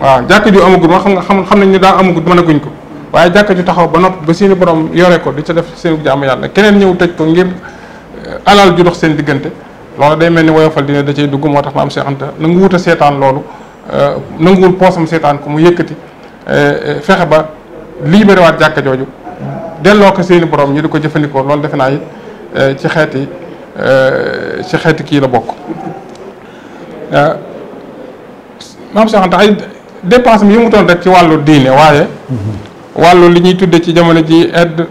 waaw jàkka ju amagul wax xam nga xam xam nañ ne daa amagul mën a guñ ko waaye jàkka ju taxaw ba nopp ba seeni borom yore ko di ca def seen jaamu yàlla keneen ñëw tëj ko ngir eh, alal ju dox seen diggante loolu day mel ni woyofal diine da cey dugg moo tax ma am seexanta nangu wut seetaan loolu eh, nanguwul poosam seetaan ko mu yëkkati eh, fexe ba libéré waat jàkka jooju delloo ko seeni borom ñu di ko jëfandikoo loolu defe naa it Eh, ci xeeti eh, ci xeeti kii la bokk eh, maam Cheikh Anta ay dépense mi yëngutoon rek ci wàllu diine waaye wàllu li ñuy tudde ci jamono ji aide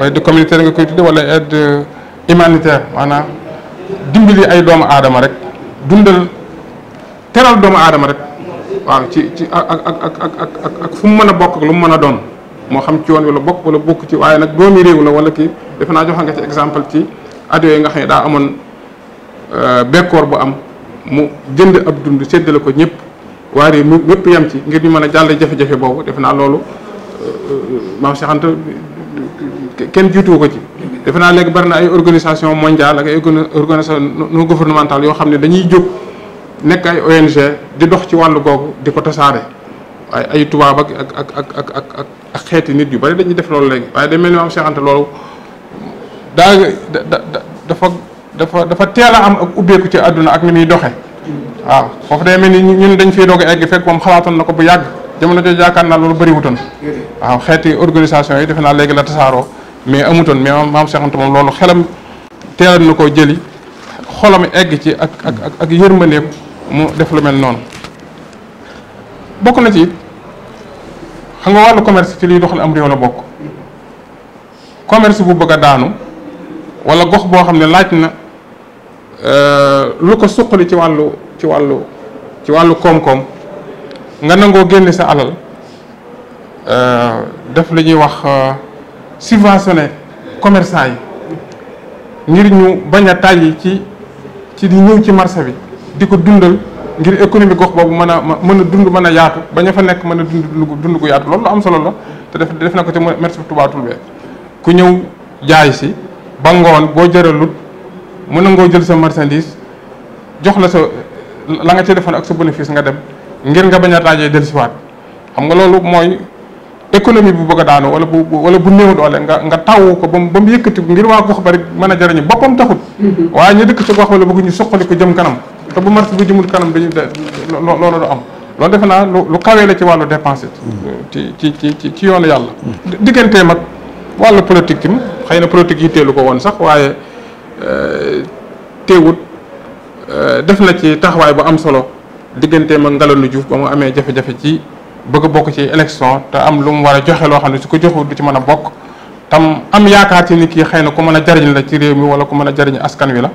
aide communautaire nga koy tudde wala aide humanitaire maanaam dimbali ay doomu aadama rek dundal teral doomu aadama rek waaw ci ci ak ak ak ak ak ak fu mu mën a bokk lu mu mën a doon moo xam ci yoon wi la bokk wala bokk ci waaye nag doomi réew la wala kii defe naa joxe nga ci exemple ci at yooyu nga xam ne daa amoon euh, bekkoor bu am mu jënd ab dund séddale ko ñëpp waaye réew mi ñëpp yem ci ngir ñu mën a jàll jafe-jafe boobu defe naa loolu euh, maam Cheikh Anta kenn jiituwu ko ci. defe naa léegi bari na ay organisation mondiale ak ay organisation non gouvernementale yoo xam ne dañuy jóg nekk ay ONG di dox ci wàllu googu di ko tasaare waaye ay tubaab ak ak ak ak ak ak xeeti nit yu bari dañuy def loolu léegi waaye day m ni maam daa dafa dafa dafa teel a am ak ubbeeku ci àdduna ak ni muy doxe waaw foofu day mel ni ñu ñun dañ fi doog a egg fekk moom xalaatoon na ko bu yàgg jamono jooju yaakaar naa loolu bëri wutoon waaw xeeti organisation yi defe naa léegi la tasaaroo mais amutoon mais maam Cheikh moom loolu xelam teelan na koo jëli xolam egg ci ak ak ak ak yërmandeem mu def lu mel noonu bokk na ci xam nga wàllu commerce ci liy doxal am réew la bokk commerce bu bëgg a daanu wala gox boo xam ne laaj na euh, lu ko suqali ci wàllu ci wàllu ci wàllu koom-koom nga nangoo génne sa alal euh, def la ñuy wax euh, subventionné commerçant yi ngir ñu bañ a tàyyi ci ci di ñëw ci marché bi di ko dundal ngir économie gox boobu mën a mën a dund mën a yaatu bañ a fa nekk mën a dund dund ku yaatu loolu lu am solo la te def def na ko ci marché Touba Toulbé ku ñëw jaay si ba ngoon boo jëralut mën na ngoo jël sa marchandise jox la sa la nga ci defoon ak sa bénéfice nga dem ngir nga bañ a taajee dellusiwaat xam nga loolu mooy économie bu bëgg a daanu wala bu wala bu néew doole nga nga taw ko ba mu ba mu yëkkati ngir waa gox bari mën a jariñu boppam taxut. Mm-hmm. waaye ñu dëkk ci gox wala bëgg ñu suqali ko jëm kanam te bu marché bu jëmul kanam dañu de loolu du am loolu defe naa lu lu kawee la ci wàllu dépense mm-hmm. ci ci ci ci ci yoonu yàlla mm-hmm. digganteem wàllu politique tim xëy na politique yi teelu ko woon sax waaye euh, teewut euh, def na ci taxawaay bu am solo digganteem ak Ngalandou Diouf ba mu amee jafe ci bëgg bokk ci élection te am lu mu war joxe loo xam ne su ko joxul du ci mën a bokk tam am yaakaar ci ni kii xëy na ku mën a jariñ la ci réew mi wala ku mën a jariñ askan wi la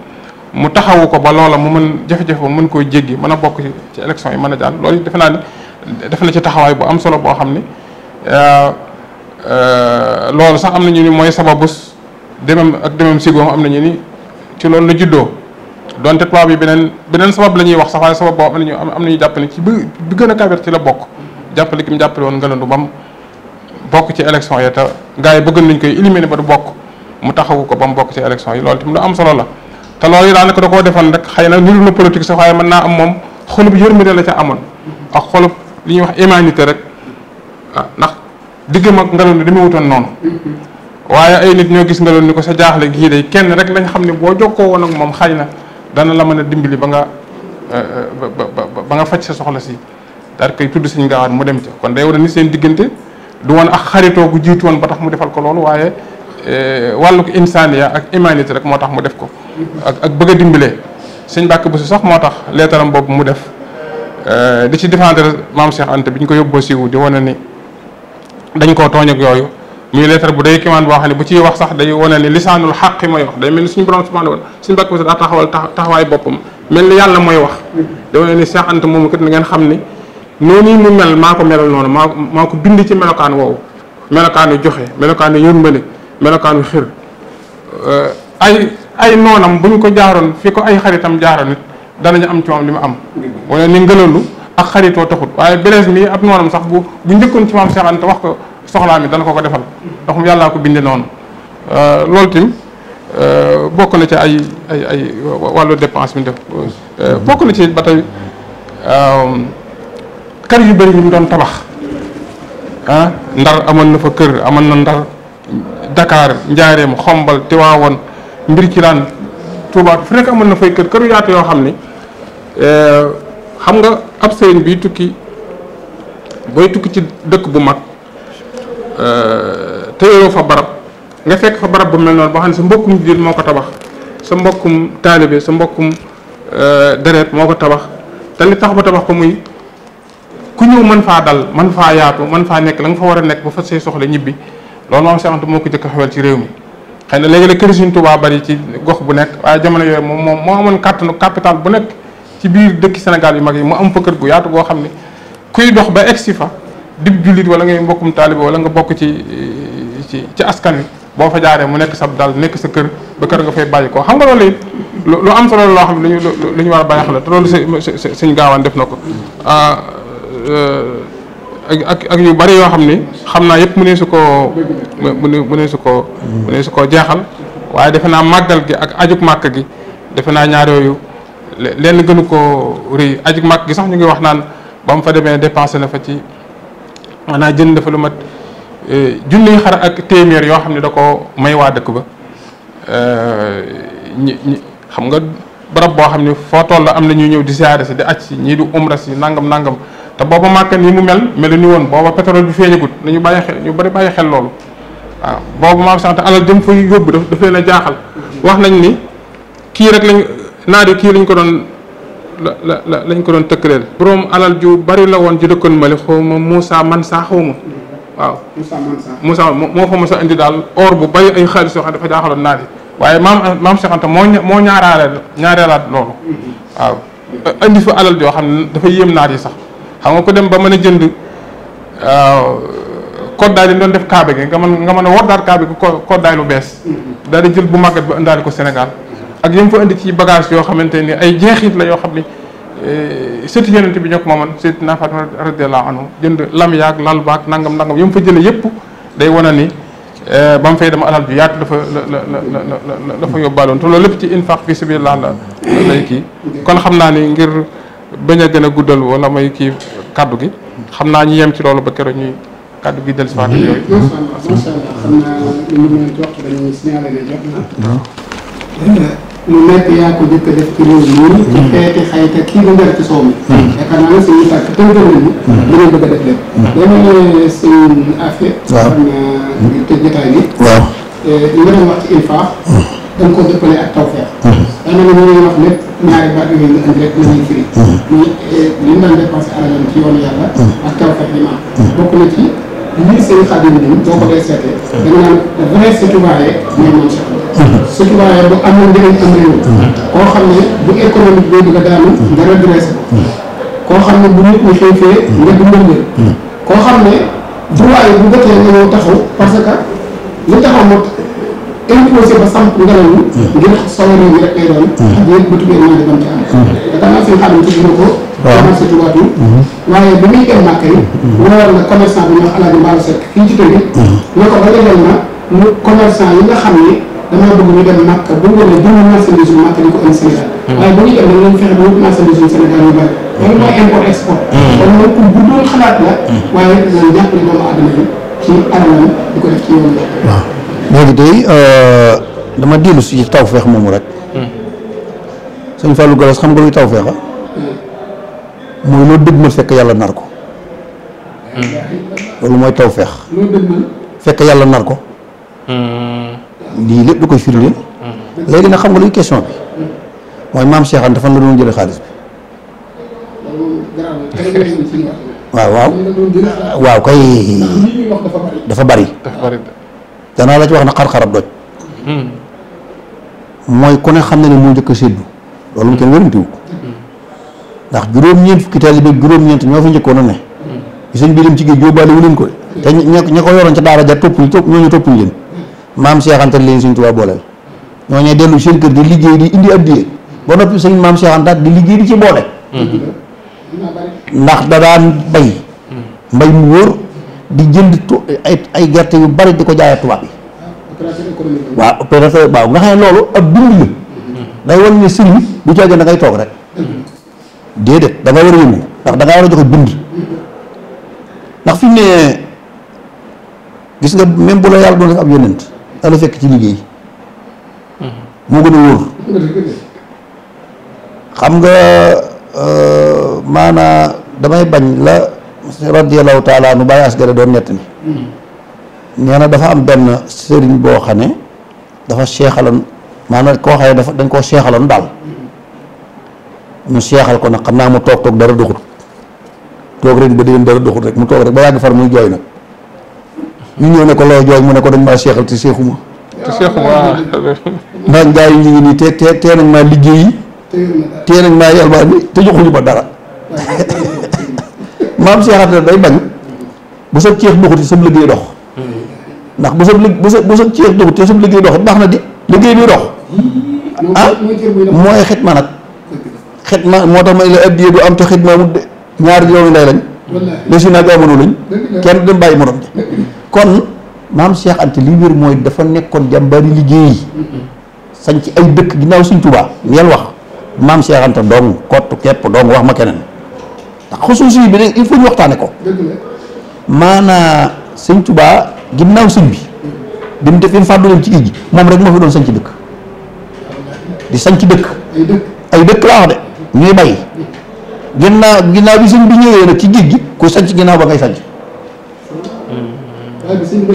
mu taxawu ko ba loola mu mën jafe-jafe ba koo jéggi mën a bokk ci élection yi mën a jàll loolu defe naa def na ci taxawaay bu am solo boo xam ni euh, Euh, loolu sax am na ñu ni mooy sababus demam ak demam sigoom am na ñu ni ci loolu la juddoo donte tubaab yi beneen beneen sabab la ñuy wax sax waaye sabab boo am nañu am nañu jàpp ne ci bi bi gën a kawer ci la bokk jàppale ki mu jàppale woon Galandou bam bokk ci election yi te gars yi bëggoon nañu koy éliminer ba du bokk mu taxawu ko ba mu bokk ci élection yi loolu tamit lu am solo la te loolu yi daanaka da koo defoon rek xëy na niru na politique sax waaye mën naa am moom xolub yërmande la ca amoon ak xolub li ñuy wax humanité rek ah, ndax diggam ak ngelaw li demewutoon noonu waaye ay nit ñoo gis ngelaw ni ko sa jaaxle gii day kenn rek lañ xam ne boo jokkoo woon ak moom xaj na dana la mën a dimbali ba nga euh, euh, ba nga faj sa soxla si daal koy tudd sëñ gaawaan mu dem ca kon day war ni seen diggante du woon ak xaritoo gu jiitu ba tax mu defal ko loolu waaye euh, wàllu ko insaaniya ak humanité rek moo tax mu def ko ak ak bëgg a dimbalee sëñ Mbàkke Busso sax moo tax leetaram boobu mu def di ci défendre maam Cheikh Anta bi ñu ko yóbboo siiwu di wane ni dañ koo tooñ ak yooyu muy lettre bu day kimaan boo xam ne bu ciy wax sax day wane ni lisaanul xàq mooy wax day mel ni suñu borom subhanahu wa taala suñu bàkk bi sax daa taxawal taxawaay boppam mel ni yàlla mooy wax da wane ni Cheikh Anta moomu kat na ngeen xam ni noonu mu mel maa ko melal noonu maa maa ko bind ci melokaan woowu melokaanu joxe melokaanu yërmande melokaanu xir ay ay noonam buñ ko jaaroon fi ko ay xaritam jaaroon it danañu am ci moom li mu am wane ni ngëlalu ak xaritoo taxut waaye Bérés mii ab noonam sax bu bu njëkkoon ci maam Cheikh Anta wax ko soxlaa mi dana ko ko defal ndax mu yàllaa ko binde noonu euh, loolu tim euh, bokk na ci ay ay ay wàllu dépense bi def euh, bokk na ci ba tey kër yu bëri yu mu doon tabax ah ndar amoon na fa kër amoon na ndar Dakar Njaareem Xombal Tiwaawoon mbir ci laan Tuubaa fi rek amoon na fay kër këru yaatu yoo xam ni xam nga ab sëriñ bi tukki booy tukki ci dëkk bu mag euh, téyeroo fa barab nga fekk fa barab bu mel noonu boo xam ne sa mbokkum jullit moo ko tabax sa mbokkum taalibe sa mbokkum euh, deret moo ko tabax te li tax ba tabax ko muy ku ñëw mën faa dal man faa yaatu man faa nekk la nga fa war a nekk ba fa say soxla ñibbi loolu moom seexante moo ko jëkk xewal ci réew mi xëy na léegi la kër Sëriñ Tuubaa bari ci gox bu nekk waaye jamono yooyu moom moom moo amoon kàttanu capital bu nekk ci biir dëkki Sénégal yu mag yi mu am fa kër gu yaatu goo xam ne kuy dox ba egsi fa dib jullit wala ngay mbokkum taalibe wala nga bokk ci ci ci askan wi boo fa jaaree mu nekk sab dal nekk sa kër ba kër nga fay bàyyi ko xam nga loolu it lu am solo loo xam ne lu ñu lu ñu war a bàyyi xel te loolu suñ gaawaan def na ko ah, euh, ak yu bari yoo xam ni xam naa yëpp mu ne su ko mu ne su ko ne su koo jeexal waaye defe naa màggal gi ak ajug màkk gi defe naa ñaar yooyu lenn gënu ko rëy aji mag gi sax ñu ngi wax naan ba mu fa demee dépensé na fa ci maanaam jënd dafa lu mat e, junni xar ak téeméer yoo xam ne da ko may waa dëkk ba e, ñi ñi xam nga barab boo xam ne foo toll am na ñuy ñëw di siyaare si di aj si ñii di umra si nangam nangam te booba màkk ni mu mel melu ni woon booba pétrole bi feeñagut nañu bàyyi xel ñu bari bàyyi xel loolu waaw boobu maam sax te alal jëm fa yóbbu daf leen a jaaxal wax nañ ni kii naar yi kii lañ ko doon la la lañ ko doon tëkkaleel. borom alal ju bari la woon ci dëkkoon Mali xaw ma Moussa Mansa xaw ma waaw. Moussa Mansa Moussa moo fa Moussa indi daal or bu bari ay xaalis yoo xam naar waaye maam maam moo moo ñaaraaleel ñaareelaat loolu. waaw indi fa alal xam ne dafa yéem naar yi sax xam nga ko dem ba mën a jënd waaw. koddaay dañ doon def kaabe nga mën nga mën a war daal kaabe gi koddaay lu bees mm-hmm. daal di jël bu màggat ba indaale ko Sénégal ak yim fa indi ci bagage yoo xamante ni ay jeexit la yoo xam ni eh, sëti yonent bi ñoo ko moomoon Seydina Fatima radiyallahu anhu jënd lam yaag lal baag nangam nangam yim fa jële yëpp day wane ni eh, bam mu fay dama alal ju yaatu dafa la la la la la fa yóbbaaloon te loolu lépp ci infaq fi sabilillah la lay kii kon xam naa ni ngir bëñ a gën a guddal wala may kii kàddu gi xam naa ñu yem ci loolu ba keroog ñuy kàddu gi del sifaat yooyu. macha allah lu nekk yaa ko jëkk def ci réew mi. Mm-hmm. ci xeeti xayta kii bi nga def ci soow mi. Mm-hmm. yaakaar naa ne suñu tàkk tënkal nañu. li mm-hmm. ngeen bëgg a def lépp. dama sëñ affaire. waaw xam naa tëj jotaay bi. waaw eh, li nga doon wax ci infaq. da nga ko dëppale ak tawfeex. daanaka ñu ngi wax lépp ñaari baat yooyu nga indi rek la ñuy firi. muy eh, li mu daan dépensé alalam ci yoonu yàlla. ak tawfeex li mu am. bokk na ci. lii seen xadim bi boo ko dee seetee. da naan le vrai citoyen mooy moom sax. citoyen bu amoon njëriñ am réew. koo xam ne bu économique boobu nga daanu. nga redressé ko. koo xam ne bu nit ñi xiifee nga dundal leen. koo xam ne droit yi bu jotee nga ñëw taxaw parce que lu taxaw mot imposé ba samp ngelaw ngir solo réew mi rek lay doon. ak yéen bu tuddee maa ngi am. da nga naan seen xadim tudd na ko. waaw ci mhm. waaye bi muy dem màkk yi moo war na commerçant bi ñu wax Alaaji Mbaalo Seck fii ci tëgi mhm. ne ko ba nga dem na mu commerçant yi nga xam ne damaa bëgg ñu dem màkk bu ñu demee jënd marchandise mhm. bu bu ñu nag lañ fexe ba wut euh, dama dellu si ci moomu rek hmm. sëñ Fallou Gallas xam nga luy taw feexa mooy loo dëgmal fekk yàlla nar ko loolu mooy taw feex fekk yàlla nar ko lii lépp da koy firnde léegi nag xam nga luy question bi mooy maam Cheikh Anta fan la doon jële xaalis bi waaw waaw kay dafa bari danaa la ci wax na xar-xarab doj hmm. mooy ku ne xam ne ne moo njëkk a séddu loolu mu kenn wérantiwu ko ndax juróom-ñeent fukki taalibe ak juróom-ñeent ñoo fa njëkkoon a ne hmm. sëñ bi dem ci géej yóbbaale wu leen ko te ña ko yoroon ca di di indi addiye ba noppi sëñ maam Cheikh da daan bay hmm. mbay mu wóor di jënd ay ay gerte yu bari di ko jaay tubaab yi waaw opérateur waaw nga xam ne loolu ab dund la hmm. day wan ne sëriñ du coogee da ngay toog rek déedéet da war a yëngu ndax da nga war a joxe bind ndax fi ne gis nga même bu la yàlla doon def ab yonent da la fekk ci liggéey moo gën a wóor xam nga euh, maanaa damay bañ la radiallahu taala nu bàyyi asgare doon nett ni nee dafa am benn sëriñ boo xam ne dafa seexaloon maanaa koo xam ne dafa dañ koo seexaloon daal ñu seexal ko nag xam naa mu toog toog dara doxut toog rek ba di leen dara doxut rek mu toog rek ba yàgg far muy jooy nag ñu ñëw ne ko loo jooy mu ne ko dañ maa seexal te seexuma te seexuma ndax gaa yi ñu ngi nii te te tee nañ maa liggéeyi te nañ maa yalbaan bi te joxuñu ba dara maam seexaat day bañ bu sa ceex doxuti sam liggéey dox bu sa bu liggéey dox baax na di liggéey bi dox ah mooy xet ma nag xidma moo tax ma la addiya du am te xidma mu ñaari doomi ndey lañ la si naag amono lañ kenn dem bàyyi moo ji kon maam Cheikh Anta li mooy dafa nekkoon jàmbaari liggéey yi sañ ci ay dëkk ginnaaw suñ Tuubaa ngeen wax maam Cheikh Anta dong kott kepp dong wax ma keneen ndax xusuus yi bi ne il faut ñu waxtaane ko maanaa suñ Tuubaa ginnaaw suñ bi bi mu def im fàdduloon ci géej gi moom rek moo fi doon sañ ci dëkk di sañ ci dëkk ay dëkk laa wax ñuy bay ginnaaw ginnaaw bi sëñ bi ñëwee nag ci géej gi ku sanc ginnaw ba ngay sanc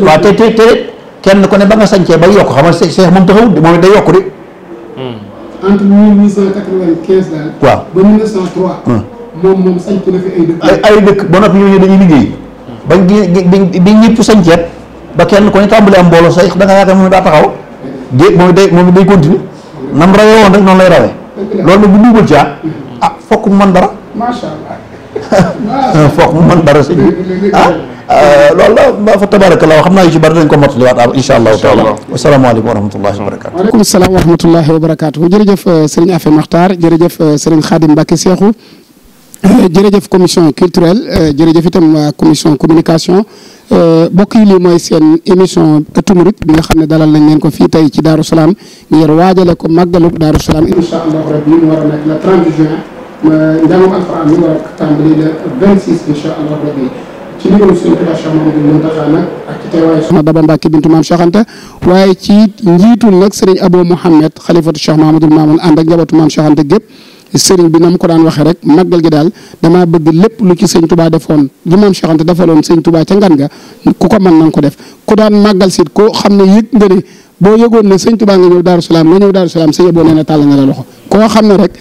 waaw te te te kenn ku ne ba nga sancee bay yokk xam nga seex moom taxawul de moom day yokk de waaw ba 1903 moom moom sanc dañuy liggéey ba bi bi ñëpp sanceet ba kenn ku ne tàmbali am mbooloo sax da nga moom daa taxaw dé moom day moom day continuer nam rawee woon rek noonu lay rawee loolu nag bu duubal caa ah fokk mu mën dara fokk mu mën dara sëñ bi ah euh, loolu la fa tabarakallah xam naa yu ci bari dañ ko mottaliwaat ah, insha allahu taala asalaamaaleykum wa rahmatullahi wa barakatu waaleykum salaam wa rahmatullahi wa barakatuh jërëjëf euh, sëriñ Afe Maxtaar jërëjëf sëriñ Xaadim Mbàkke Seexu jërëjëf commission culturelle euh, itam commission communication Euh, mbokk yi lii mooy seen émission ëttum bi nga xam ne dalal nañ leen ko fii tey ci Darou Salaam ngir waajale ko màggalu Darou Salaam incha allahu rabbi mu war a nekk le 30 juin euh, njàngum alxuraan mu war a waaye ci njiitul nag sëriñ Abou Mouhamed xalifatu Cheikh Mamadou Mamoun ànd ak njabootu maam gépp sëriñ bi na mu ko daan waxee rek màggal gi daal dama bëgg lépp lu ci sëñ tubaa defoon li maam Cheikh Anta defaloon sëñ tubaa ca ngan ga ku ko mën nañ ko def ku daan màggal sit ko xam ne yëg nga ne boo yëgoon ne sëñ tubaa nga ñëw daaru salaam nga ñëw daaru salaam sëñ boo nee na tàll na la loxo koo xam ne rek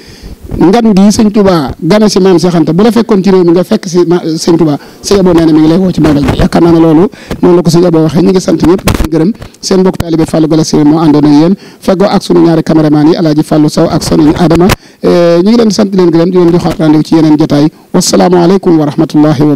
ngan gi sëñ Touba gane si maam Seex bu la fekkoon ci réew mi nga fekk si ma sëñ Touba sëñ Abo nee mi ngi lay woo ci magal bi yaakaar loolu noonu la ko sëñ Abo waxee ñu ngi sant ñëpp di gërëm seen mbokk taalibe Fallou moo àndoon ak yéen ak sunu ñaari caméraman yi Alaaji Fallou Sow ak Sonia Adama eh, ñu ngi leen sant leen gërëm di leen joxaat ci yeneen jotaay wasalaamualeykum wa rahmatullahi wa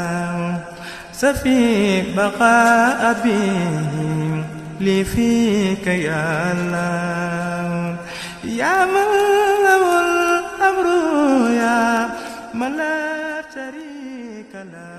سفي بقاء أبيهم لي فيك يا الله يا من له الأمر يا من لا شريك له